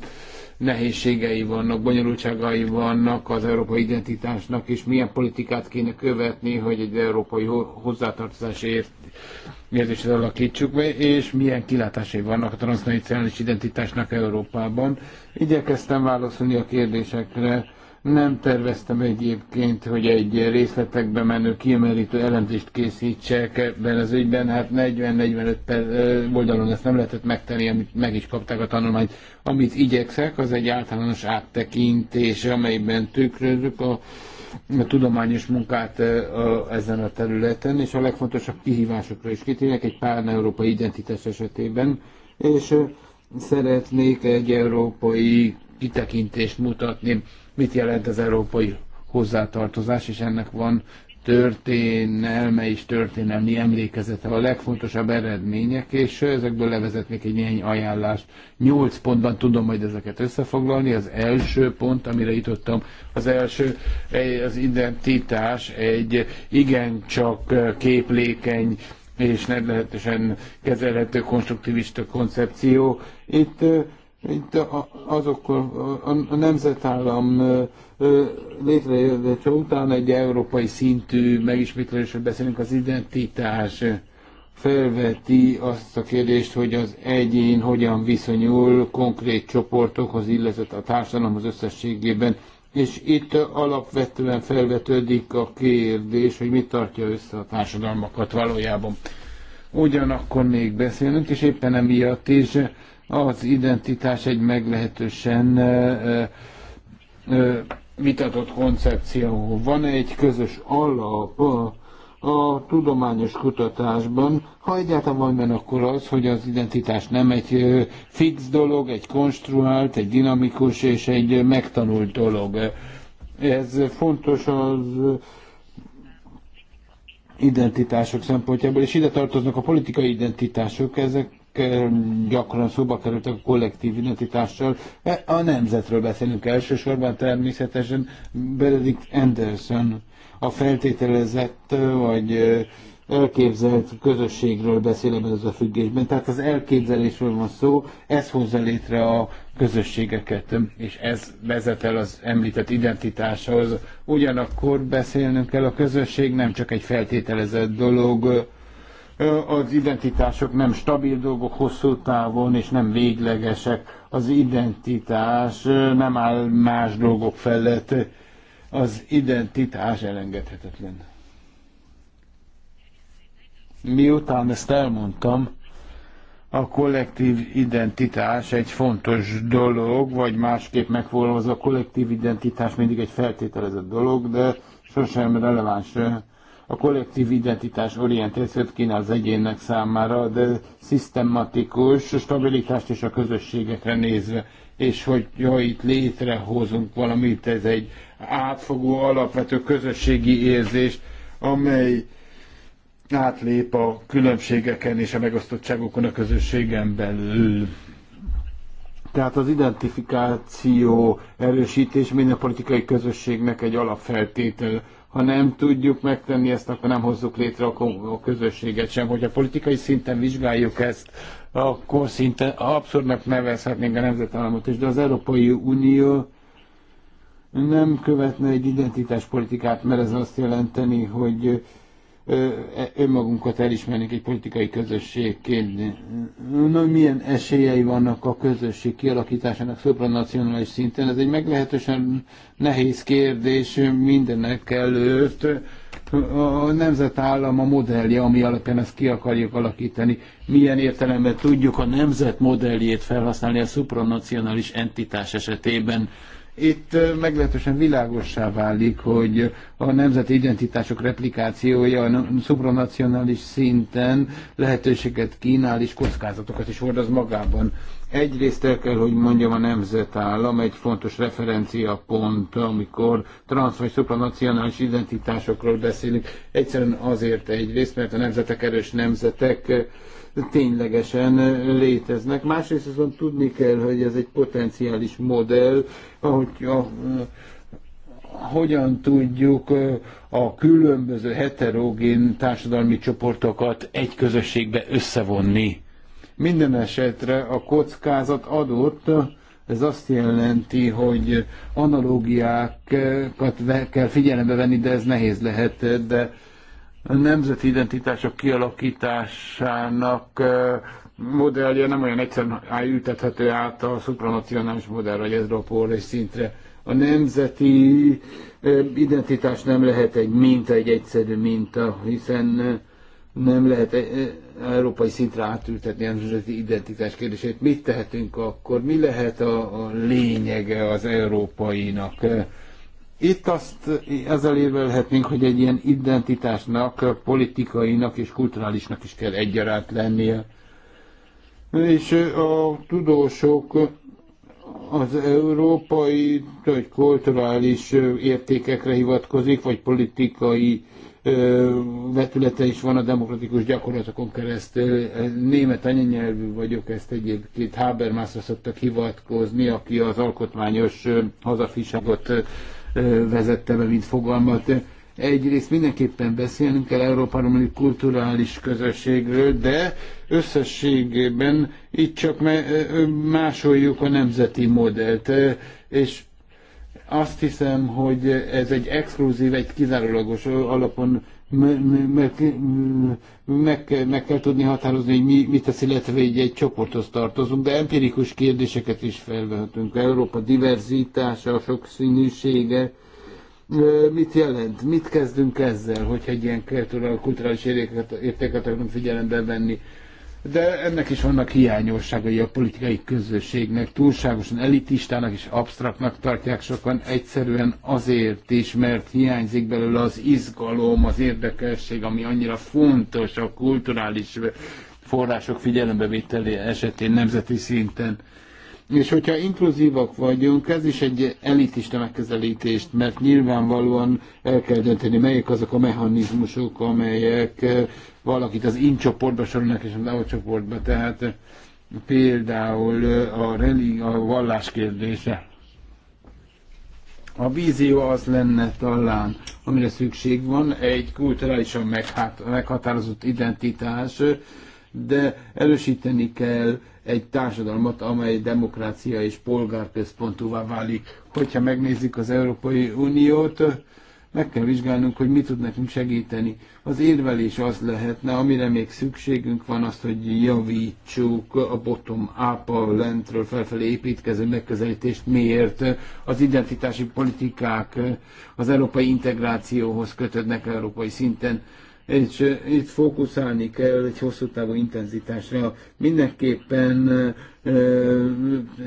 nehézségei vannak, bonyolultságai vannak az európai identitásnak, és milyen politikát kéne követni, hogy egy európai hozzátartozásért érzéset érzését alakítsuk, és milyen kilátásai vannak a transznacionális identitásnak Európában. Igyekeztem válaszolni a kérdésekre, nem terveztem egyébként, hogy egy részletekbe menő kiemelítő elemzést készítsek ebben az ügyben. Hát 40-45 oldalon ezt nem lehetett megtenni, amit meg is kapták a tanulmányt. Amit igyekszek, az egy általános áttekintés, amelyben tükrözzük a, a tudományos munkát a, ezen a területen, és a legfontosabb kihívásokra is kitérnek egy pár európai identitás esetében, és szeretnék egy európai kitekintést mutatni mit jelent az európai hozzátartozás, és ennek van történelme és történelmi emlékezete a legfontosabb eredmények, és ezekből levezetnék egy néhány ajánlást. Nyolc pontban tudom majd ezeket összefoglalni. Az első pont, amire jutottam, az első, az identitás egy igen csak képlékeny és nem lehetősen kezelhető konstruktivista koncepció. Itt itt a, azokkal a, a nemzetállam létrejövése után egy európai szintű megismétlésről beszélünk, az identitás felveti azt a kérdést, hogy az egyén hogyan viszonyul konkrét csoportokhoz, illetve a társadalomhoz összességében, és itt alapvetően felvetődik a kérdés, hogy mit tartja össze a társadalmakat valójában. Ugyanakkor még beszélünk, és éppen emiatt is az identitás egy meglehetősen vitatott koncepció. Van egy közös alap a tudományos kutatásban, ha egyáltalán van benne, akkor az, hogy az identitás nem egy fix dolog, egy konstruált, egy dinamikus és egy megtanult dolog. Ez fontos az identitások szempontjából, és ide tartoznak a politikai identitások, ezek gyakran szóba kerültek a kollektív identitással. E, a nemzetről beszélünk elsősorban természetesen. Benedict Anderson a feltételezett vagy elképzelt közösségről beszél ebben az a függésben. Tehát az elképzelésről van szó, ez hozza létre a közösségeket, és ez vezet el az említett identitáshoz. Ugyanakkor beszélnünk kell, a közösség nem csak egy feltételezett dolog, az identitások nem stabil dolgok hosszú távon, és nem véglegesek. Az identitás nem áll más dolgok felett. Az identitás elengedhetetlen. Miután ezt elmondtam, a kollektív identitás egy fontos dolog, vagy másképp megfogalmazva a kollektív identitás mindig egy feltételezett dolog, de sosem releváns a kollektív identitás orientációt kínál az egyének számára, de szisztematikus a stabilitást és a közösségekre nézve. És hogy ha itt létrehozunk valamit, ez egy átfogó, alapvető közösségi érzés, amely átlép a különbségeken és a megosztottságokon a közösségen belül. Tehát az identifikáció erősítés minden politikai közösségnek egy alapfeltétel. Ha nem tudjuk megtenni ezt, akkor nem hozzuk létre a közösséget sem. Hogyha politikai szinten vizsgáljuk ezt, akkor szinte abszurdnak nevezhetnénk a nemzetállamot is, de az Európai Unió nem követne egy identitáspolitikát, mert ez azt jelenteni, hogy E, önmagunkat elismernénk egy politikai közösségként. Na, milyen esélyei vannak a közösség kialakításának szupranacionális szinten? Ez egy meglehetősen nehéz kérdés mindenek előtt. A nemzetállam a modellje, ami alapján ezt ki akarjuk alakítani. Milyen értelemben tudjuk a nemzet modelljét felhasználni a szupranacionális entitás esetében? Itt meglehetősen világossá válik, hogy a nemzeti identitások replikációja a szupranacionális szinten lehetőséget kínál és kockázatokat is hordoz magában. Egyrészt el kell, hogy mondjam, a nemzetállam egy fontos referenciapont, amikor transz vagy szupranacionális identitásokról beszélünk. Egyszerűen azért egyrészt, mert a nemzetek erős nemzetek, ténylegesen léteznek. Másrészt azon tudni kell, hogy ez egy potenciális modell, ahogy a, hogyan tudjuk a különböző heterogén társadalmi csoportokat egy közösségbe összevonni. Minden esetre a kockázat adott, ez azt jelenti, hogy analógiákat kell figyelembe venni, de ez nehéz lehet, de nemzeti identitások kialakításának modellje nem olyan egyszerűen ültethető át a szupranacionális modellre, vagy európai szintre. A nemzeti identitás nem lehet egy minta, egy egyszerű minta, hiszen nem lehet európai szintre átültetni a nemzeti identitás kérdését. Mit tehetünk akkor? Mi lehet a, a lényege az európainak? Itt azt ezzel érvelhetnénk, hogy egy ilyen identitásnak, politikainak és kulturálisnak is kell egyaránt lennie. És a tudósok az európai vagy kulturális értékekre hivatkozik, vagy politikai vetülete is van a demokratikus gyakorlatokon keresztül. Német anyanyelvű vagyok, ezt egyébként Habermasra szoktak hivatkozni, aki az alkotmányos hazafiságot vezette be, mint fogalmat. Egyrészt mindenképpen beszélnünk kell Európa Romani kulturális közösségről, de összességében itt csak másoljuk a nemzeti modellt, és azt hiszem, hogy ez egy exkluzív, egy kizárólagos alapon meg, meg, meg kell tudni határozni, hogy mi, mit tesz, illetve így egy csoporthoz tartozunk, de empirikus kérdéseket is felvehetünk. Európa diverzitása, a sokszínűsége, mit jelent, mit kezdünk ezzel, hogyha egy ilyen kulturális értéket akarunk figyelembe venni de ennek is vannak hiányosságai a politikai közösségnek, túlságosan elitistának és absztraktnak tartják sokan, egyszerűen azért is, mert hiányzik belőle az izgalom, az érdekesség, ami annyira fontos a kulturális források figyelembevételé esetén nemzeti szinten. És hogyha inkluzívak vagyunk, ez is egy elitista megközelítést, mert nyilvánvalóan el kell dönteni, melyik azok a mechanizmusok, amelyek valakit az én csoportba sorolnak, és az csoportba, tehát eh, például eh, a, relig, a vallás kérdése. A vízió az lenne talán, amire szükség van, egy kulturálisan meghatározott identitás, de erősíteni kell egy társadalmat, amely demokrácia és polgárközpontúvá válik. Hogyha megnézzük az Európai Uniót, meg kell vizsgálnunk, hogy mi tud nekünk segíteni. Az érvelés az lehetne, amire még szükségünk van, azt, hogy javítsuk a bottom up, a lentről felfelé építkező megközelítést. Miért? Az identitási politikák az európai integrációhoz kötődnek európai szinten és itt fókuszálni kell egy hosszú távú intenzitásra, mindenképpen ö,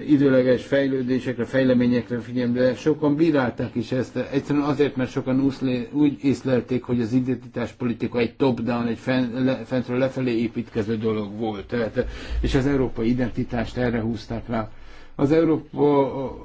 időleges fejlődésekre, fejleményekre de Sokan bírálták is ezt, egyszerűen azért, mert sokan úszlé, úgy észlelték, hogy az identitáspolitika egy top-down, egy le, fentről lefelé építkező dolog volt, tehát, és az európai identitást erre húzták rá. Az Európa a,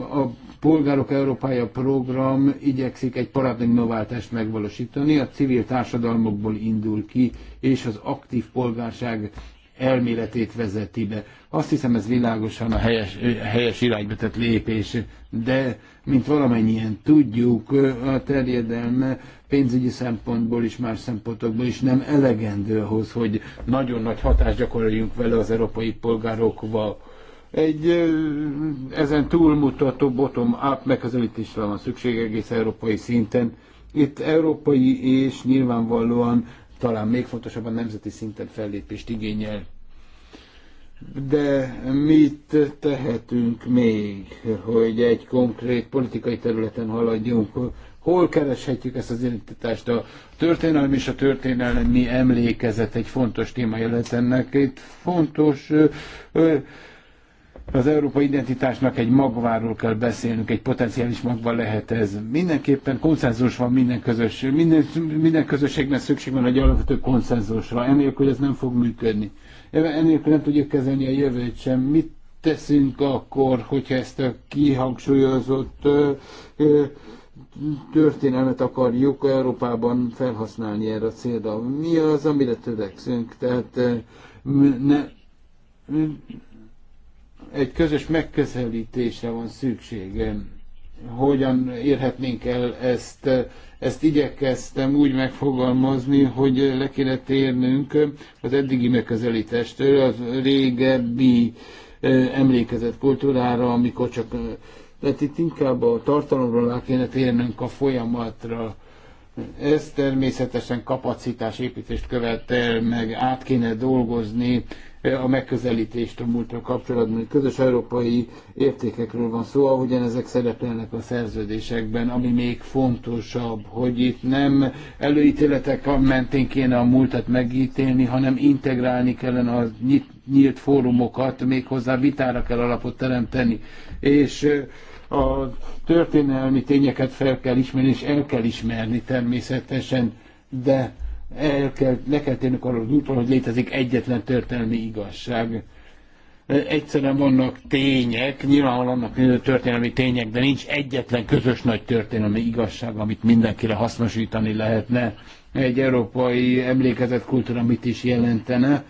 a Polgárok Európája program igyekszik egy paradigmaváltást megvalósítani, a civil társadalmokból indul ki, és az aktív polgárság elméletét vezeti be. Azt hiszem ez világosan a helyes, helyes irányba tett lépés, de mint valamennyien tudjuk, a terjedelme pénzügyi szempontból is, más szempontokból is nem elegendő ahhoz, hogy nagyon nagy hatást gyakoroljunk vele az európai polgárokval egy ezen túlmutató bottom-up megközelítésre van szükség egész európai szinten. Itt európai és nyilvánvalóan talán még fontosabban nemzeti szinten fellépést igényel. De mit tehetünk még, hogy egy konkrét politikai területen haladjunk? Hol kereshetjük ezt az identitást? A történelmi és a történelmi emlékezet egy fontos téma jelent ennek. Itt fontos ö, ö, az európai identitásnak egy magváról kell beszélnünk, egy potenciális magva lehet ez. Mindenképpen konszenzus van minden, közös, minden, minden közösségben szükség van egy alapvető konszenzusra, enélkül ez nem fog működni. Enélkül nem tudjuk kezelni a jövőt sem. Mit teszünk akkor, hogyha ezt a kihangsúlyozott ö, ö, történelmet akarjuk Európában felhasználni erre a célra. Mi az, amire törekszünk? Tehát ne, egy közös megközelítésre van szüksége. Hogyan érhetnénk el ezt? Ezt igyekeztem úgy megfogalmazni, hogy le kéne térnünk az eddigi megközelítéstől, az régebbi emlékezett kultúrára, amikor csak tehát itt inkább a tartalomról le kéne térnünk a folyamatra. Ez természetesen kapacitásépítést követel, meg át kéne dolgozni a megközelítést a múltra kapcsolatban. Közös európai értékekről van szó, ahogyan ezek szerepelnek a szerződésekben, ami még fontosabb, hogy itt nem előítéletek mentén kéne a múltat megítélni, hanem integrálni kellene a nyit, nyílt fórumokat, méghozzá vitára kell alapot teremteni. És a történelmi tényeket fel kell ismerni, és el kell ismerni természetesen, de el kell, le kell térnünk arról az úton, hogy létezik egyetlen történelmi igazság. Egyszerűen vannak tények, nyilván vannak történelmi tények, de nincs egyetlen közös nagy történelmi igazság, amit mindenkire hasznosítani lehetne. Egy európai emlékezett kultúra mit is jelentene?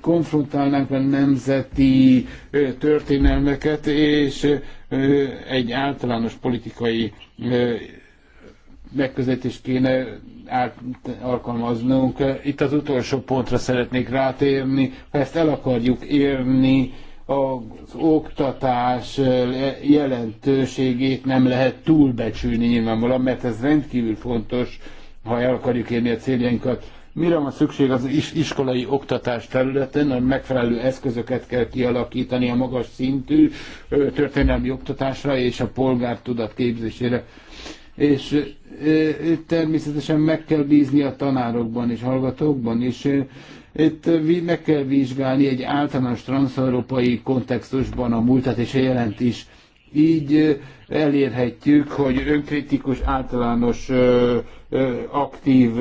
konfrontálnánk a nemzeti történelmeket, és egy általános politikai megközelítést kéne alkalmaznunk. Itt az utolsó pontra szeretnék rátérni. Ha ezt el akarjuk érni, az oktatás jelentőségét nem lehet túlbecsülni nyilvánvalóan, mert ez rendkívül fontos, ha el akarjuk érni a céljainkat. Mire van szükség az iskolai oktatás területen? A megfelelő eszközöket kell kialakítani a magas szintű történelmi oktatásra és a polgártudat képzésére és természetesen meg kell bízni a tanárokban és hallgatókban, és itt meg kell vizsgálni egy általános transzeurópai kontextusban a múltat és a jelent is. Így elérhetjük, hogy önkritikus, általános, aktív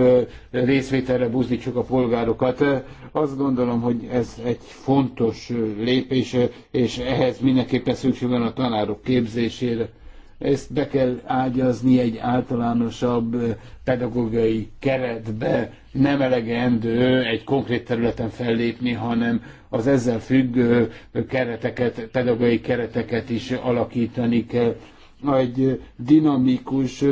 részvételre buzdítsuk a polgárokat. Azt gondolom, hogy ez egy fontos lépés, és ehhez mindenképpen szükség van a tanárok képzésére ezt be kell ágyazni egy általánosabb pedagógiai keretbe. Nem elegendő egy konkrét területen fellépni, hanem az ezzel függő kereteket, pedagógiai kereteket is alakítani kell. Egy dinamikus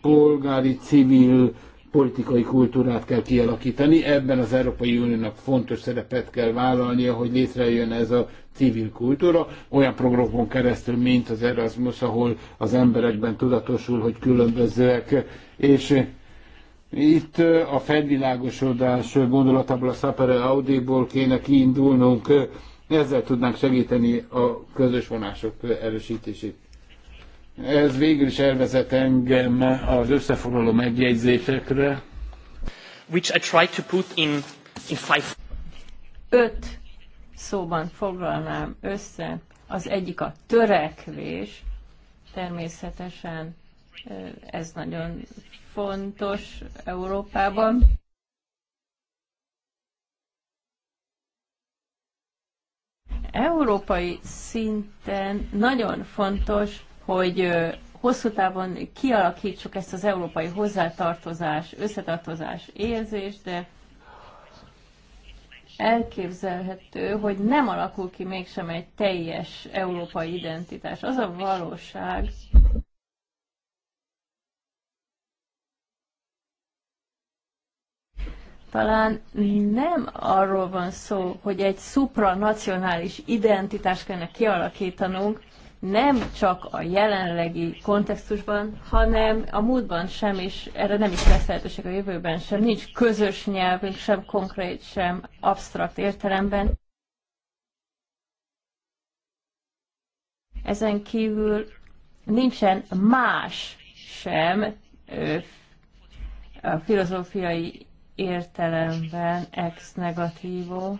polgári civil politikai kultúrát kell kialakítani. Ebben az Európai Uniónak fontos szerepet kell vállalnia, hogy létrejön ez a civil kultúra, olyan programokon keresztül, mint az Erasmus, ahol az emberekben tudatosul, hogy különbözőek, és eh, itt eh, a felvilágosodás gondolatából, a Szapere Audiból kéne kiindulnunk, ezzel tudnánk segíteni a közös vonások erősítését. Ez végül is elvezet engem az összefoglaló megjegyzésekre. Which I try to put in, in five. Öt szóban foglalnám össze. Az egyik a törekvés, természetesen ez nagyon fontos Európában. Európai szinten nagyon fontos hogy hosszú távon kialakítsuk ezt az európai hozzátartozás, összetartozás érzést, de elképzelhető, hogy nem alakul ki mégsem egy teljes európai identitás. Az a valóság, talán nem arról van szó, hogy egy supranacionális identitást kellene kialakítanunk, nem csak a jelenlegi kontextusban, hanem a múltban sem, és erre nem is lesz lehetőség a jövőben sem. Nincs közös nyelvünk, sem konkrét, sem absztrakt értelemben. Ezen kívül nincsen más sem a filozófiai értelemben ex negatívó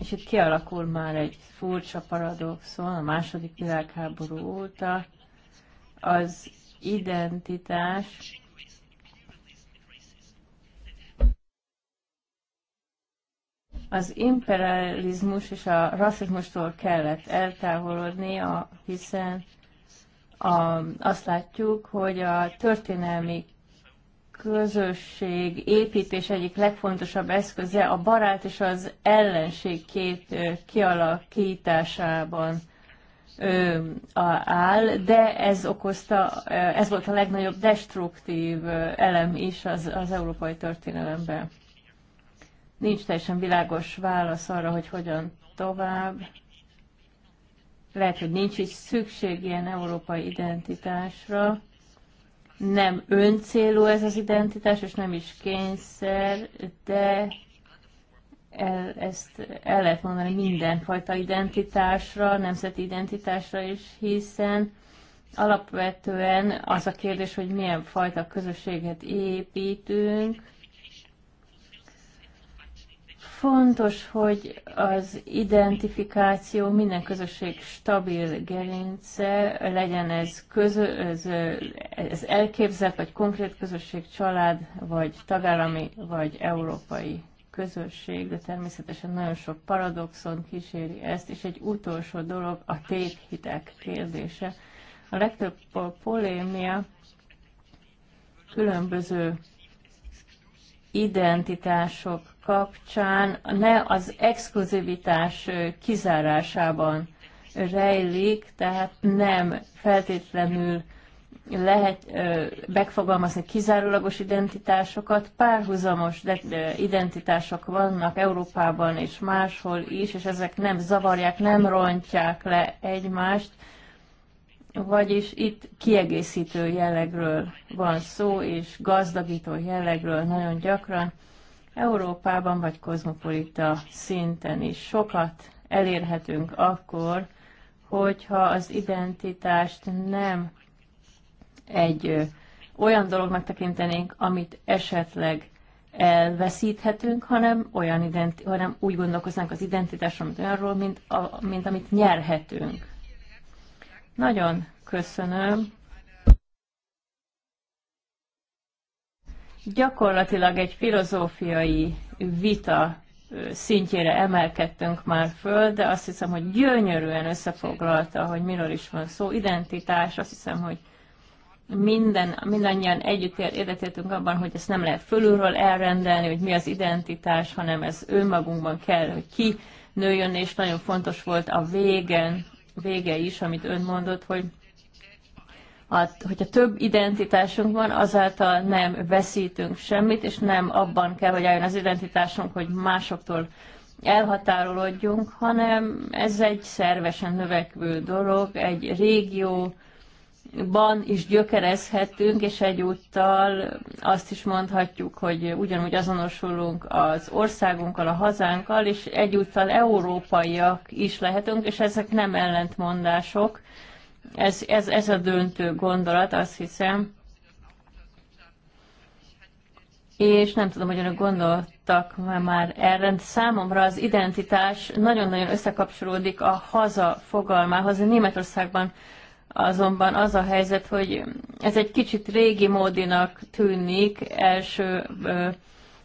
és itt kialakul már egy furcsa paradoxon a második világháború óta, az identitás az imperializmus és a rasszizmustól kellett eltávolodni, hiszen a, azt látjuk, hogy a történelmi közösség építés egyik legfontosabb eszköze a barát és az ellenség két kialakításában áll, de ez okozta, ez volt a legnagyobb destruktív elem is az, az európai történelemben. Nincs teljesen világos válasz arra, hogy hogyan tovább. Lehet, hogy nincs is szükség ilyen európai identitásra nem öncélú ez az identitás, és nem is kényszer, de el, ezt el lehet mondani mindenfajta identitásra, nemzeti identitásra is, hiszen alapvetően az a kérdés, hogy milyen fajta közösséget építünk, Fontos, hogy az identifikáció minden közösség stabil gerince, legyen ez, közö, ez, ez elképzelt, vagy konkrét közösség, család, vagy tagállami, vagy európai közösség, de természetesen nagyon sok paradoxon kíséri ezt, és egy utolsó dolog a tévhitek kérdése. A legtöbb polémia különböző identitások kapcsán ne az exkluzivitás kizárásában rejlik, tehát nem feltétlenül lehet megfogalmazni kizárólagos identitásokat, párhuzamos identitások vannak Európában és máshol is, és ezek nem zavarják, nem rontják le egymást, vagyis itt kiegészítő jellegről van szó, és gazdagító jellegről nagyon gyakran. Európában vagy kozmopolita szinten is sokat elérhetünk akkor, hogyha az identitást nem egy olyan dolognak tekintenénk, amit esetleg elveszíthetünk, hanem, olyan identi- hanem úgy gondolkoznánk az identitásról, mint olyanról, mint, a, mint amit nyerhetünk. Nagyon köszönöm. Gyakorlatilag egy filozófiai vita szintjére emelkedtünk már föl, de azt hiszem, hogy gyönyörűen összefoglalta, hogy miről is van szó. Identitás, azt hiszem, hogy minden, mindannyian együtt érdekeltünk abban, hogy ezt nem lehet fölülről elrendelni, hogy mi az identitás, hanem ez önmagunkban kell, hogy ki nőjön, és nagyon fontos volt a végen vége is, amit ön mondott, hogy a, hogyha több identitásunk van, azáltal nem veszítünk semmit, és nem abban kell, hogy álljon az identitásunk, hogy másoktól elhatárolódjunk, hanem ez egy szervesen növekvő dolog, egy régió ban is gyökerezhetünk, és egyúttal azt is mondhatjuk, hogy ugyanúgy azonosulunk az országunkkal, a hazánkkal, és egyúttal európaiak is lehetünk, és ezek nem ellentmondások. Ez, ez, ez a döntő gondolat, azt hiszem. És nem tudom, hogy önök gondoltak már erre. Számomra az identitás nagyon-nagyon összekapcsolódik a haza fogalmához. Németországban Azonban az a helyzet, hogy ez egy kicsit régi módinak tűnik első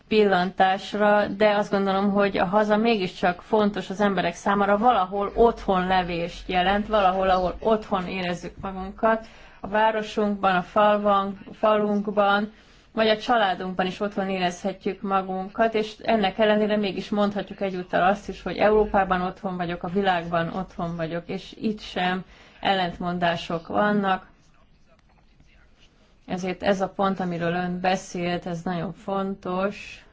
pillantásra, de azt gondolom, hogy a haza mégiscsak fontos az emberek számára, valahol otthon levést jelent, valahol, ahol otthon érezzük magunkat, a városunkban, a falvan, falunkban, vagy a családunkban is otthon érezhetjük magunkat, és ennek ellenére mégis mondhatjuk egyúttal azt is, hogy Európában otthon vagyok, a világban otthon vagyok, és itt sem ellentmondások vannak, ezért ez a pont, amiről ön beszélt, ez nagyon fontos.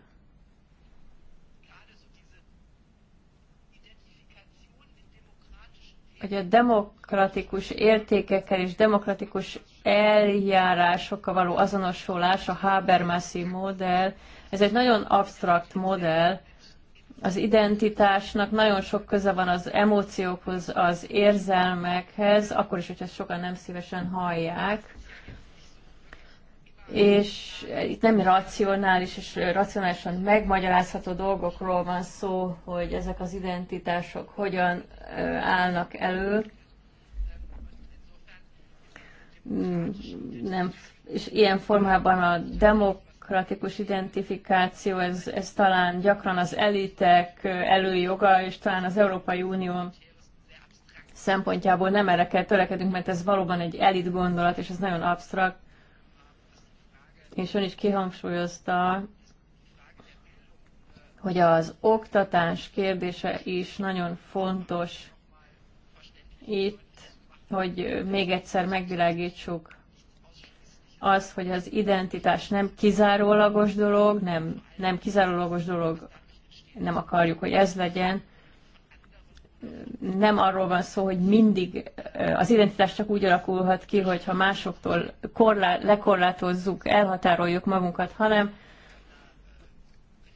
hogy a demokratikus értékekkel és demokratikus eljárásokkal való azonosulás, a Habermasi modell, ez egy nagyon absztrakt modell, az identitásnak nagyon sok köze van az emóciókhoz, az érzelmekhez, akkor is, hogyha ezt sokan nem szívesen hallják. És itt nem racionális és racionálisan megmagyarázható dolgokról van szó, hogy ezek az identitások hogyan állnak elő. Hmm, nem, és ilyen formában a demok demokratikus identifikáció, ez, ez talán gyakran az elitek előjoga, és talán az Európai Unió szempontjából nem erre kell törekedünk, mert ez valóban egy elit gondolat, és ez nagyon absztrakt. És ön is kihangsúlyozta, hogy az oktatás kérdése is nagyon fontos itt, hogy még egyszer megvilágítsuk az, hogy az identitás nem kizárólagos dolog, nem, nem kizárólagos dolog, nem akarjuk, hogy ez legyen. Nem arról van szó, hogy mindig eh, az identitás csak úgy alakulhat ki, hogyha másoktól korlá, lekorlátozzuk, elhatároljuk magunkat, hanem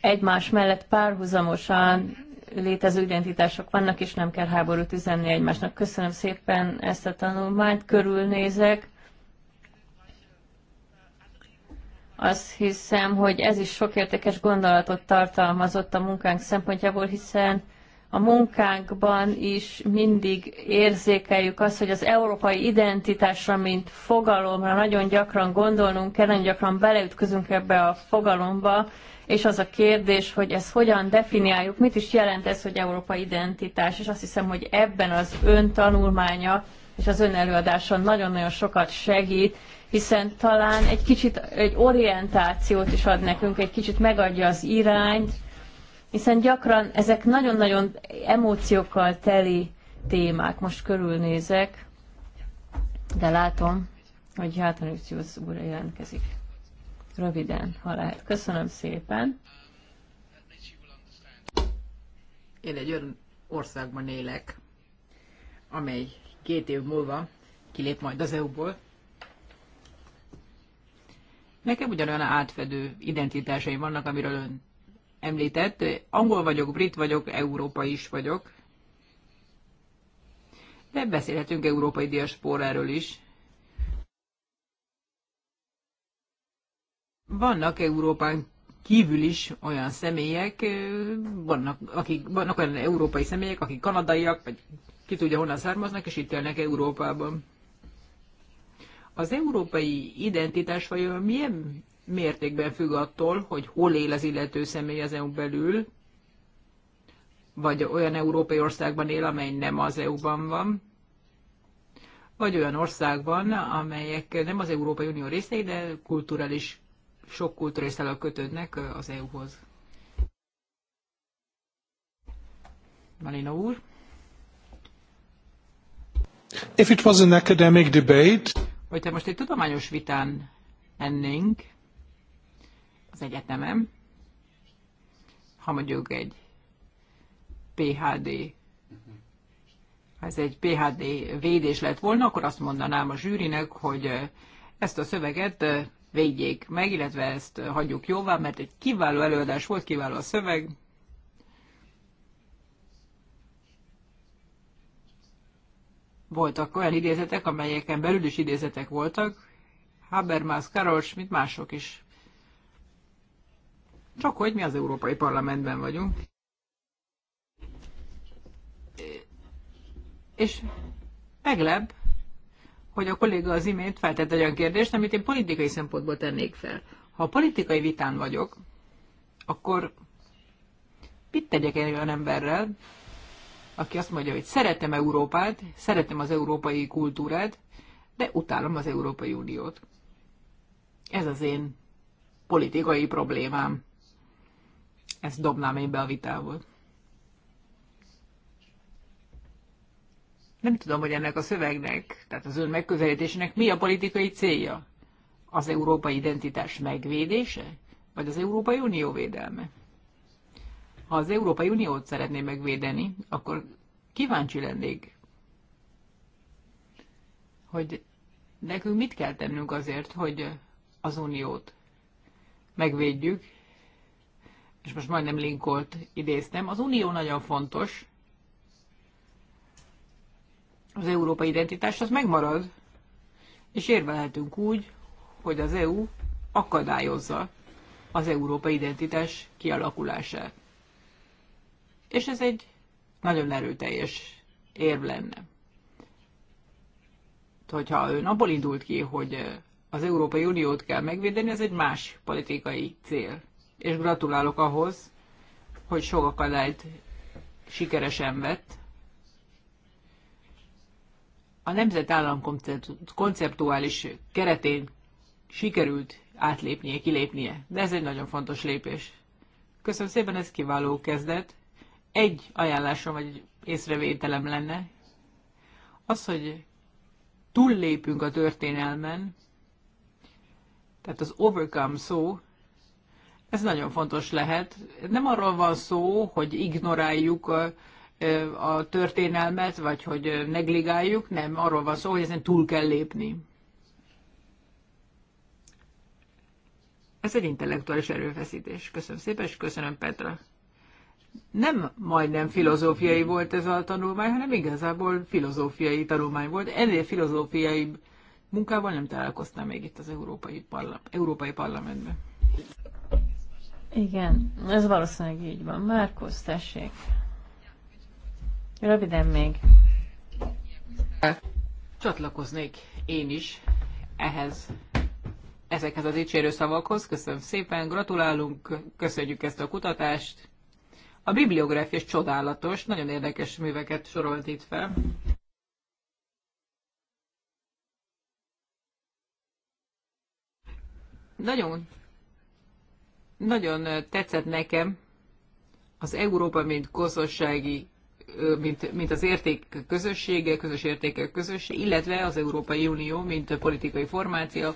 egymás mellett párhuzamosan létező identitások vannak, és nem kell háborút üzenni egymásnak. Köszönöm szépen ezt a tanulmányt, körülnézek Azt hiszem, hogy ez is sok értékes gondolatot tartalmazott a munkánk szempontjából, hiszen a munkánkban is mindig érzékeljük azt, hogy az európai identitásra, mint fogalomra nagyon gyakran gondolnunk kell, nagyon gyakran beleütközünk ebbe a fogalomba, és az a kérdés, hogy ezt hogyan definiáljuk, mit is jelent ez, hogy európai identitás, és azt hiszem, hogy ebben az ön tanulmánya és az ön előadása nagyon-nagyon sokat segít, hiszen talán egy kicsit egy orientációt is ad nekünk, egy kicsit megadja az irányt, hiszen gyakran ezek nagyon-nagyon emóciókkal teli témák. Most körülnézek, de látom, hogy Hátanőciusz úr jelentkezik. Röviden, ha lehet. Köszönöm szépen. Én egy olyan országban élek, amely két év múlva kilép majd az EU-ból, Nekem ugyanolyan átfedő identitásaim vannak, amiről ön említett. Angol vagyok, brit vagyok, európai is vagyok. De beszélhetünk európai diasporáról is. Vannak Európán kívül is olyan személyek, vannak, akik, vannak olyan európai személyek, akik kanadaiak, vagy ki tudja honnan származnak, és itt élnek Európában. Az európai identitás vajon milyen mértékben függ attól, hogy hol él az illető személy az EU belül, vagy olyan európai országban él, amely nem az EU-ban van, vagy olyan országban, amelyek nem az Európai Unió részei, de kulturális, sok kulturális kötődnek az EU-hoz. Malina úr. If it was an academic debate... Hogyha most egy tudományos vitán ennénk az egyetemem, ha mondjuk egy PHD, ha ez egy PHD védés lett volna, akkor azt mondanám a zsűrinek, hogy ezt a szöveget védjék meg, illetve ezt hagyjuk jóvá, mert egy kiváló előadás volt, kiváló a szöveg, voltak olyan idézetek, amelyeken belül is idézetek voltak, Habermas, Karol mint mások is. Csak hogy mi az Európai Parlamentben vagyunk. És meglep, hogy a kolléga az imént feltett olyan kérdést, amit én politikai szempontból tennék fel. Ha a politikai vitán vagyok, akkor mit tegyek egy olyan emberrel, aki azt mondja, hogy szeretem Európát, szeretem az európai kultúrát, de utálom az Európai Uniót. Ez az én politikai problémám. Ezt dobnám én be a vitából. Nem tudom, hogy ennek a szövegnek, tehát az ön megközelítésének mi a politikai célja? Az európai identitás megvédése? Vagy az Európai Unió védelme? ha az Európai Uniót szeretné megvédeni, akkor kíváncsi lennék, hogy nekünk mit kell tennünk azért, hogy az Uniót megvédjük, és most majdnem linkolt idéztem. Az Unió nagyon fontos, az európai identitás az megmarad, és érvelhetünk úgy, hogy az EU akadályozza az európai identitás kialakulását. És ez egy nagyon erőteljes érv lenne. Hogyha ön abból indult ki, hogy az Európai Uniót kell megvédeni, ez egy más politikai cél. És gratulálok ahhoz, hogy sok akadályt sikeresen vett. A nemzetállam konceptuális keretén sikerült átlépnie, kilépnie, de ez egy nagyon fontos lépés. Köszönöm szépen, ez kiváló kezdet egy ajánlásom vagy észrevételem lenne, az, hogy túllépünk a történelmen, tehát az overcome szó, ez nagyon fontos lehet. Nem arról van szó, hogy ignoráljuk a, a történelmet, vagy hogy negligáljuk, nem, arról van szó, hogy ezen túl kell lépni. Ez egy intellektuális erőfeszítés. Köszönöm szépen, és köszönöm Petra nem majdnem filozófiai volt ez a tanulmány, hanem igazából filozófiai tanulmány volt. Ennél filozófiai munkával nem találkoztam még itt az Európai, Parla- Európai Parlamentben. Igen, ez valószínűleg így van. Márkusz, tessék. Röviden még. Csatlakoznék én is ehhez, ezekhez az dicsérő szavakhoz. Köszönöm szépen, gratulálunk, köszönjük ezt a kutatást, a bibliográfia is csodálatos, nagyon érdekes műveket sorolt itt fel. Nagyon, nagyon tetszett nekem az Európa, mint gazdasági mint, mint az érték közössége, közös értékek közössége, illetve az Európai Unió, mint politikai formáció.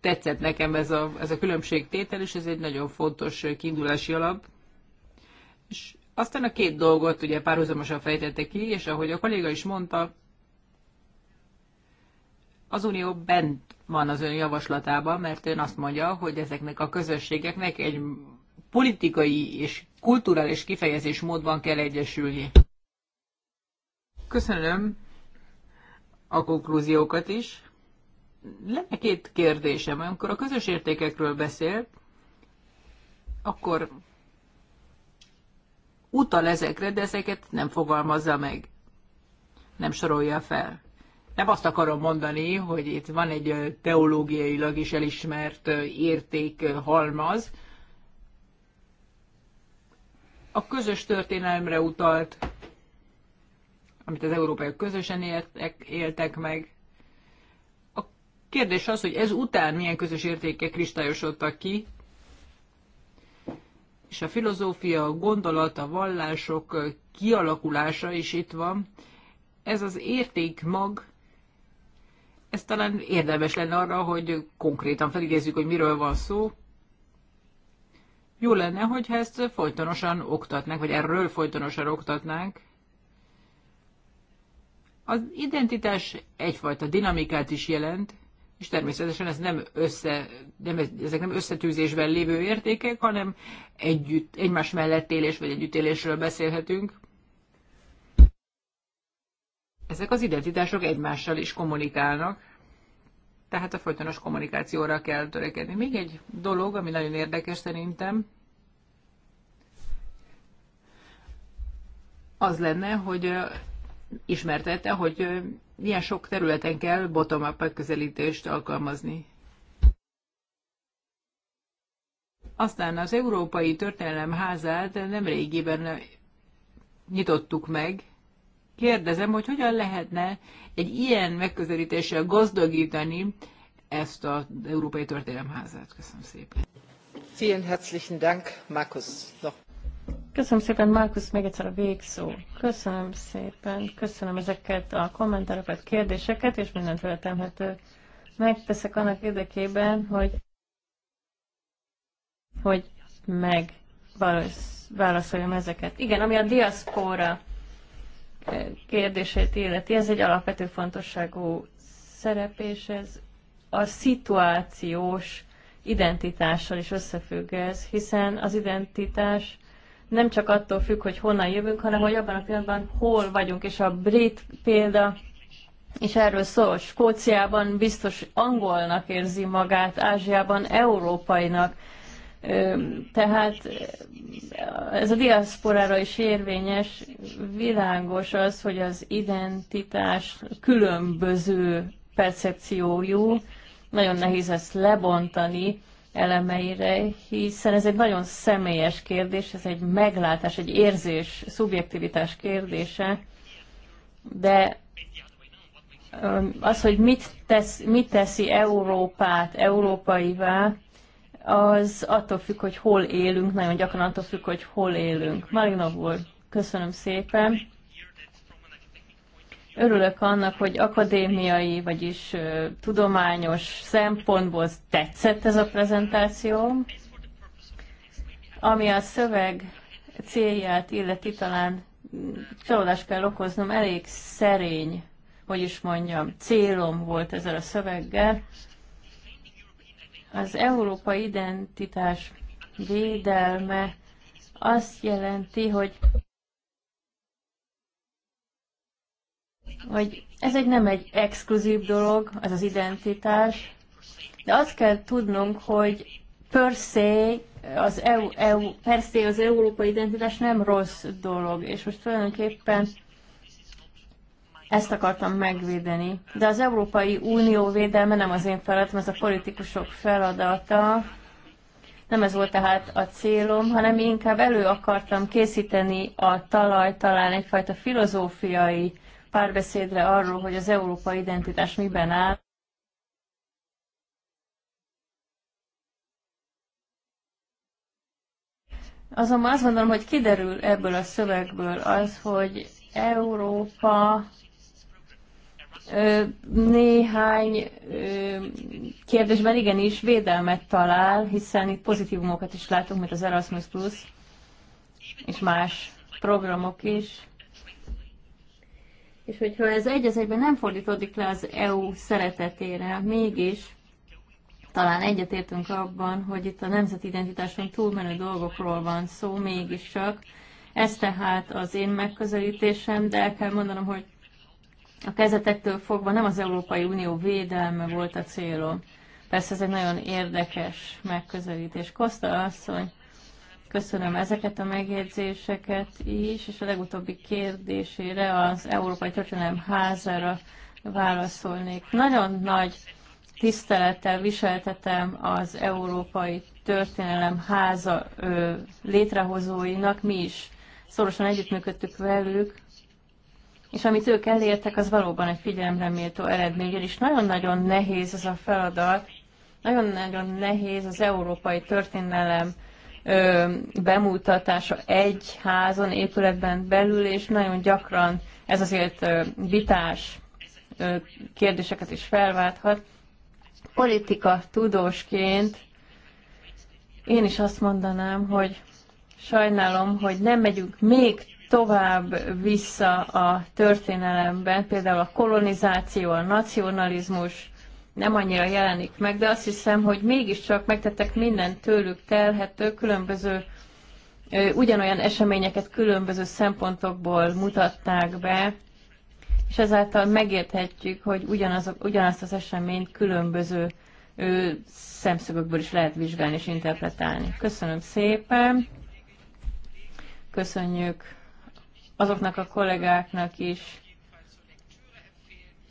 Tetszett nekem ez a, ez a különbségtétel, és ez egy nagyon fontos kiindulási alap. És aztán a két dolgot ugye párhuzamosan fejtette ki, és ahogy a kolléga is mondta, az Unió bent van az ön javaslatában, mert ön azt mondja, hogy ezeknek a közösségeknek egy politikai és kulturális kifejezés módban kell egyesülni. Köszönöm a konklúziókat is. Lenne két kérdésem. Amikor a közös értékekről beszél, akkor utal ezekre, de ezeket nem fogalmazza meg, nem sorolja fel. Nem azt akarom mondani, hogy itt van egy teológiailag is elismert érték halmaz. A közös történelmre utalt, amit az európaiak közösen éltek, éltek meg. A kérdés az, hogy ez után milyen közös értékek kristályosodtak ki, és a filozófia, a gondolat, a vallások kialakulása is itt van. Ez az érték mag. ez talán érdemes lenne arra, hogy konkrétan felidézzük, hogy miről van szó. Jó lenne, hogyha ezt folytonosan oktatnánk, vagy erről folytonosan oktatnánk. Az identitás egyfajta dinamikát is jelent, és természetesen ez nem össze, nem, ezek nem összetűzésben lévő értékek, hanem együtt, egymás mellett élés vagy együttélésről beszélhetünk. Ezek az identitások egymással is kommunikálnak, tehát a folytonos kommunikációra kell törekedni. Még egy dolog, ami nagyon érdekes szerintem, az lenne, hogy ismertette, hogy milyen sok területen kell bottom-up megközelítést alkalmazni. Aztán az Európai Történelem házát nemrégiben nyitottuk meg. Kérdezem, hogy hogyan lehetne egy ilyen megközelítéssel gazdagítani ezt az Európai Történelem házát. Köszönöm szépen. Vielen herzlichen Dank, Markus. Köszönöm szépen, Márkusz, még egyszer a végszó. Köszönöm szépen, köszönöm ezeket a kommentereket, kérdéseket, és mindent vele Megteszek annak érdekében, hogy, hogy megválaszoljam ezeket. Igen, ami a diaszpóra eh, kérdését illeti, ez egy alapvető fontosságú szerep, és ez a szituációs identitással is összefügg ez, hiszen az identitás nem csak attól függ, hogy honnan jövünk, hanem hogy abban a pillanatban hol vagyunk, és a brit példa és erről szól, Skóciában biztos angolnak érzi magát, Ázsiában európainak. Tehát ez a diaszporára is érvényes, világos az, hogy az identitás különböző percepciójú, nagyon nehéz ezt lebontani, elemeire, hiszen ez egy nagyon személyes kérdés, ez egy meglátás, egy érzés, szubjektivitás kérdése, de az, hogy mit, tesz, mit teszi Európát európaivá, az attól függ, hogy hol élünk, nagyon gyakran attól függ, hogy hol élünk. Marinov úr, köszönöm szépen. Örülök annak, hogy akadémiai, vagyis tudományos szempontból tetszett ez a prezentáció, ami a szöveg célját illeti talán csalódást kell okoznom, elég szerény, hogy is mondjam, célom volt ezzel a szöveggel. Az európai identitás védelme azt jelenti, hogy hogy ez egy nem egy exkluzív dolog, ez az identitás, de azt kell tudnunk, hogy per se az, EU, EU, per se az európai identitás nem rossz dolog, és most tulajdonképpen ezt akartam megvédeni. De az Európai Unió védelme nem az én feladatom, ez a politikusok feladata. Nem ez volt tehát a célom, hanem inkább elő akartam készíteni a talaj talán egyfajta filozófiai párbeszédre arról, hogy az európai identitás miben áll. Azonban azt gondolom, hogy kiderül ebből a szövegből az, hogy Európa néhány kérdésben igenis védelmet talál, hiszen itt pozitívumokat is látunk, mint az Erasmus Plus és más programok is és hogyha ez egy egyben nem fordítódik le az EU szeretetére, mégis talán egyetértünk abban, hogy itt a nemzeti identitáson túlmenő dolgokról van szó mégiscsak. Ez tehát az én megközelítésem, de el kell mondanom, hogy a kezetektől fogva nem az Európai Unió védelme volt a célom. Persze ez egy nagyon érdekes megközelítés. Kosta asszony Köszönöm ezeket a megjegyzéseket is, és a legutóbbi kérdésére az Európai Történelem házára válaszolnék. Nagyon nagy tisztelettel viseltetem az Európai Történelem háza ö, létrehozóinak, mi is szorosan együttműködtük velük, és amit ők elértek, az valóban egy figyelemreméltó eredmény, és nagyon-nagyon nehéz ez a feladat, nagyon-nagyon nehéz az európai történelem bemutatása egy házon, épületben belül, és nagyon gyakran ez azért vitás kérdéseket is felválthat. Politika tudósként én is azt mondanám, hogy sajnálom, hogy nem megyünk még tovább vissza a történelemben, például a kolonizáció, a nacionalizmus, nem annyira jelenik meg, de azt hiszem, hogy mégiscsak megtettek mindent tőlük telhető különböző ugyanolyan eseményeket különböző szempontokból mutatták be, és ezáltal megérthetjük, hogy ugyanazok, ugyanazt az eseményt különböző ő, szemszögökből is lehet vizsgálni és interpretálni. Köszönöm szépen, köszönjük azoknak a kollégáknak is,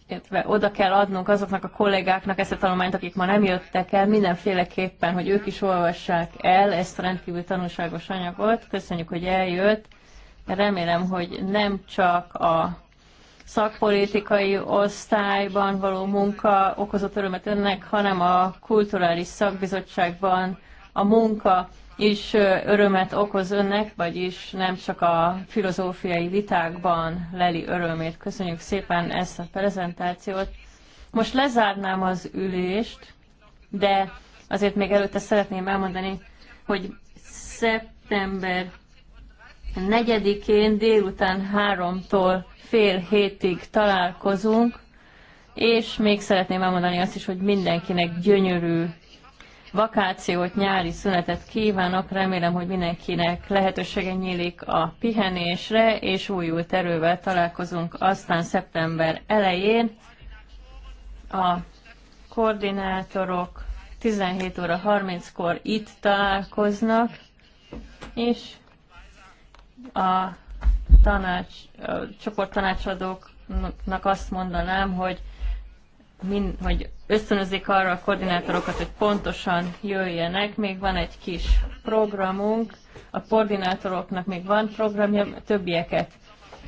illetve oda kell adnunk azoknak a kollégáknak ezt a tanulmányt, akik ma nem jöttek el, mindenféleképpen, hogy ők is olvassák el ezt a rendkívül tanulságos anyagot. Köszönjük, hogy eljött. Remélem, hogy nem csak a szakpolitikai osztályban való munka okozott örömet önnek, hanem a kulturális szakbizottságban a munka is örömet okoz önnek, vagyis nem csak a filozófiai vitákban leli örömét. Köszönjük szépen ezt a prezentációt. Most lezárnám az ülést, de azért még előtte szeretném elmondani, hogy szeptember 4-én délután 3-tól fél hétig találkozunk, és még szeretném elmondani azt is, hogy mindenkinek gyönyörű vakációt, nyári szünetet kívánok. Remélem, hogy mindenkinek lehetősége nyílik a pihenésre, és újult erővel találkozunk aztán szeptember elején. A koordinátorok 17 óra 30-kor itt találkoznak, és a tanács, a tanácsadóknak azt mondanám, hogy min, hogy ösztönözik arra a koordinátorokat, hogy pontosan jöjjenek. Még van egy kis programunk, a koordinátoroknak még van programja, többieket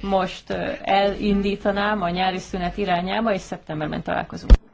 most elindítanám a nyári szünet irányába, és szeptemberben találkozunk.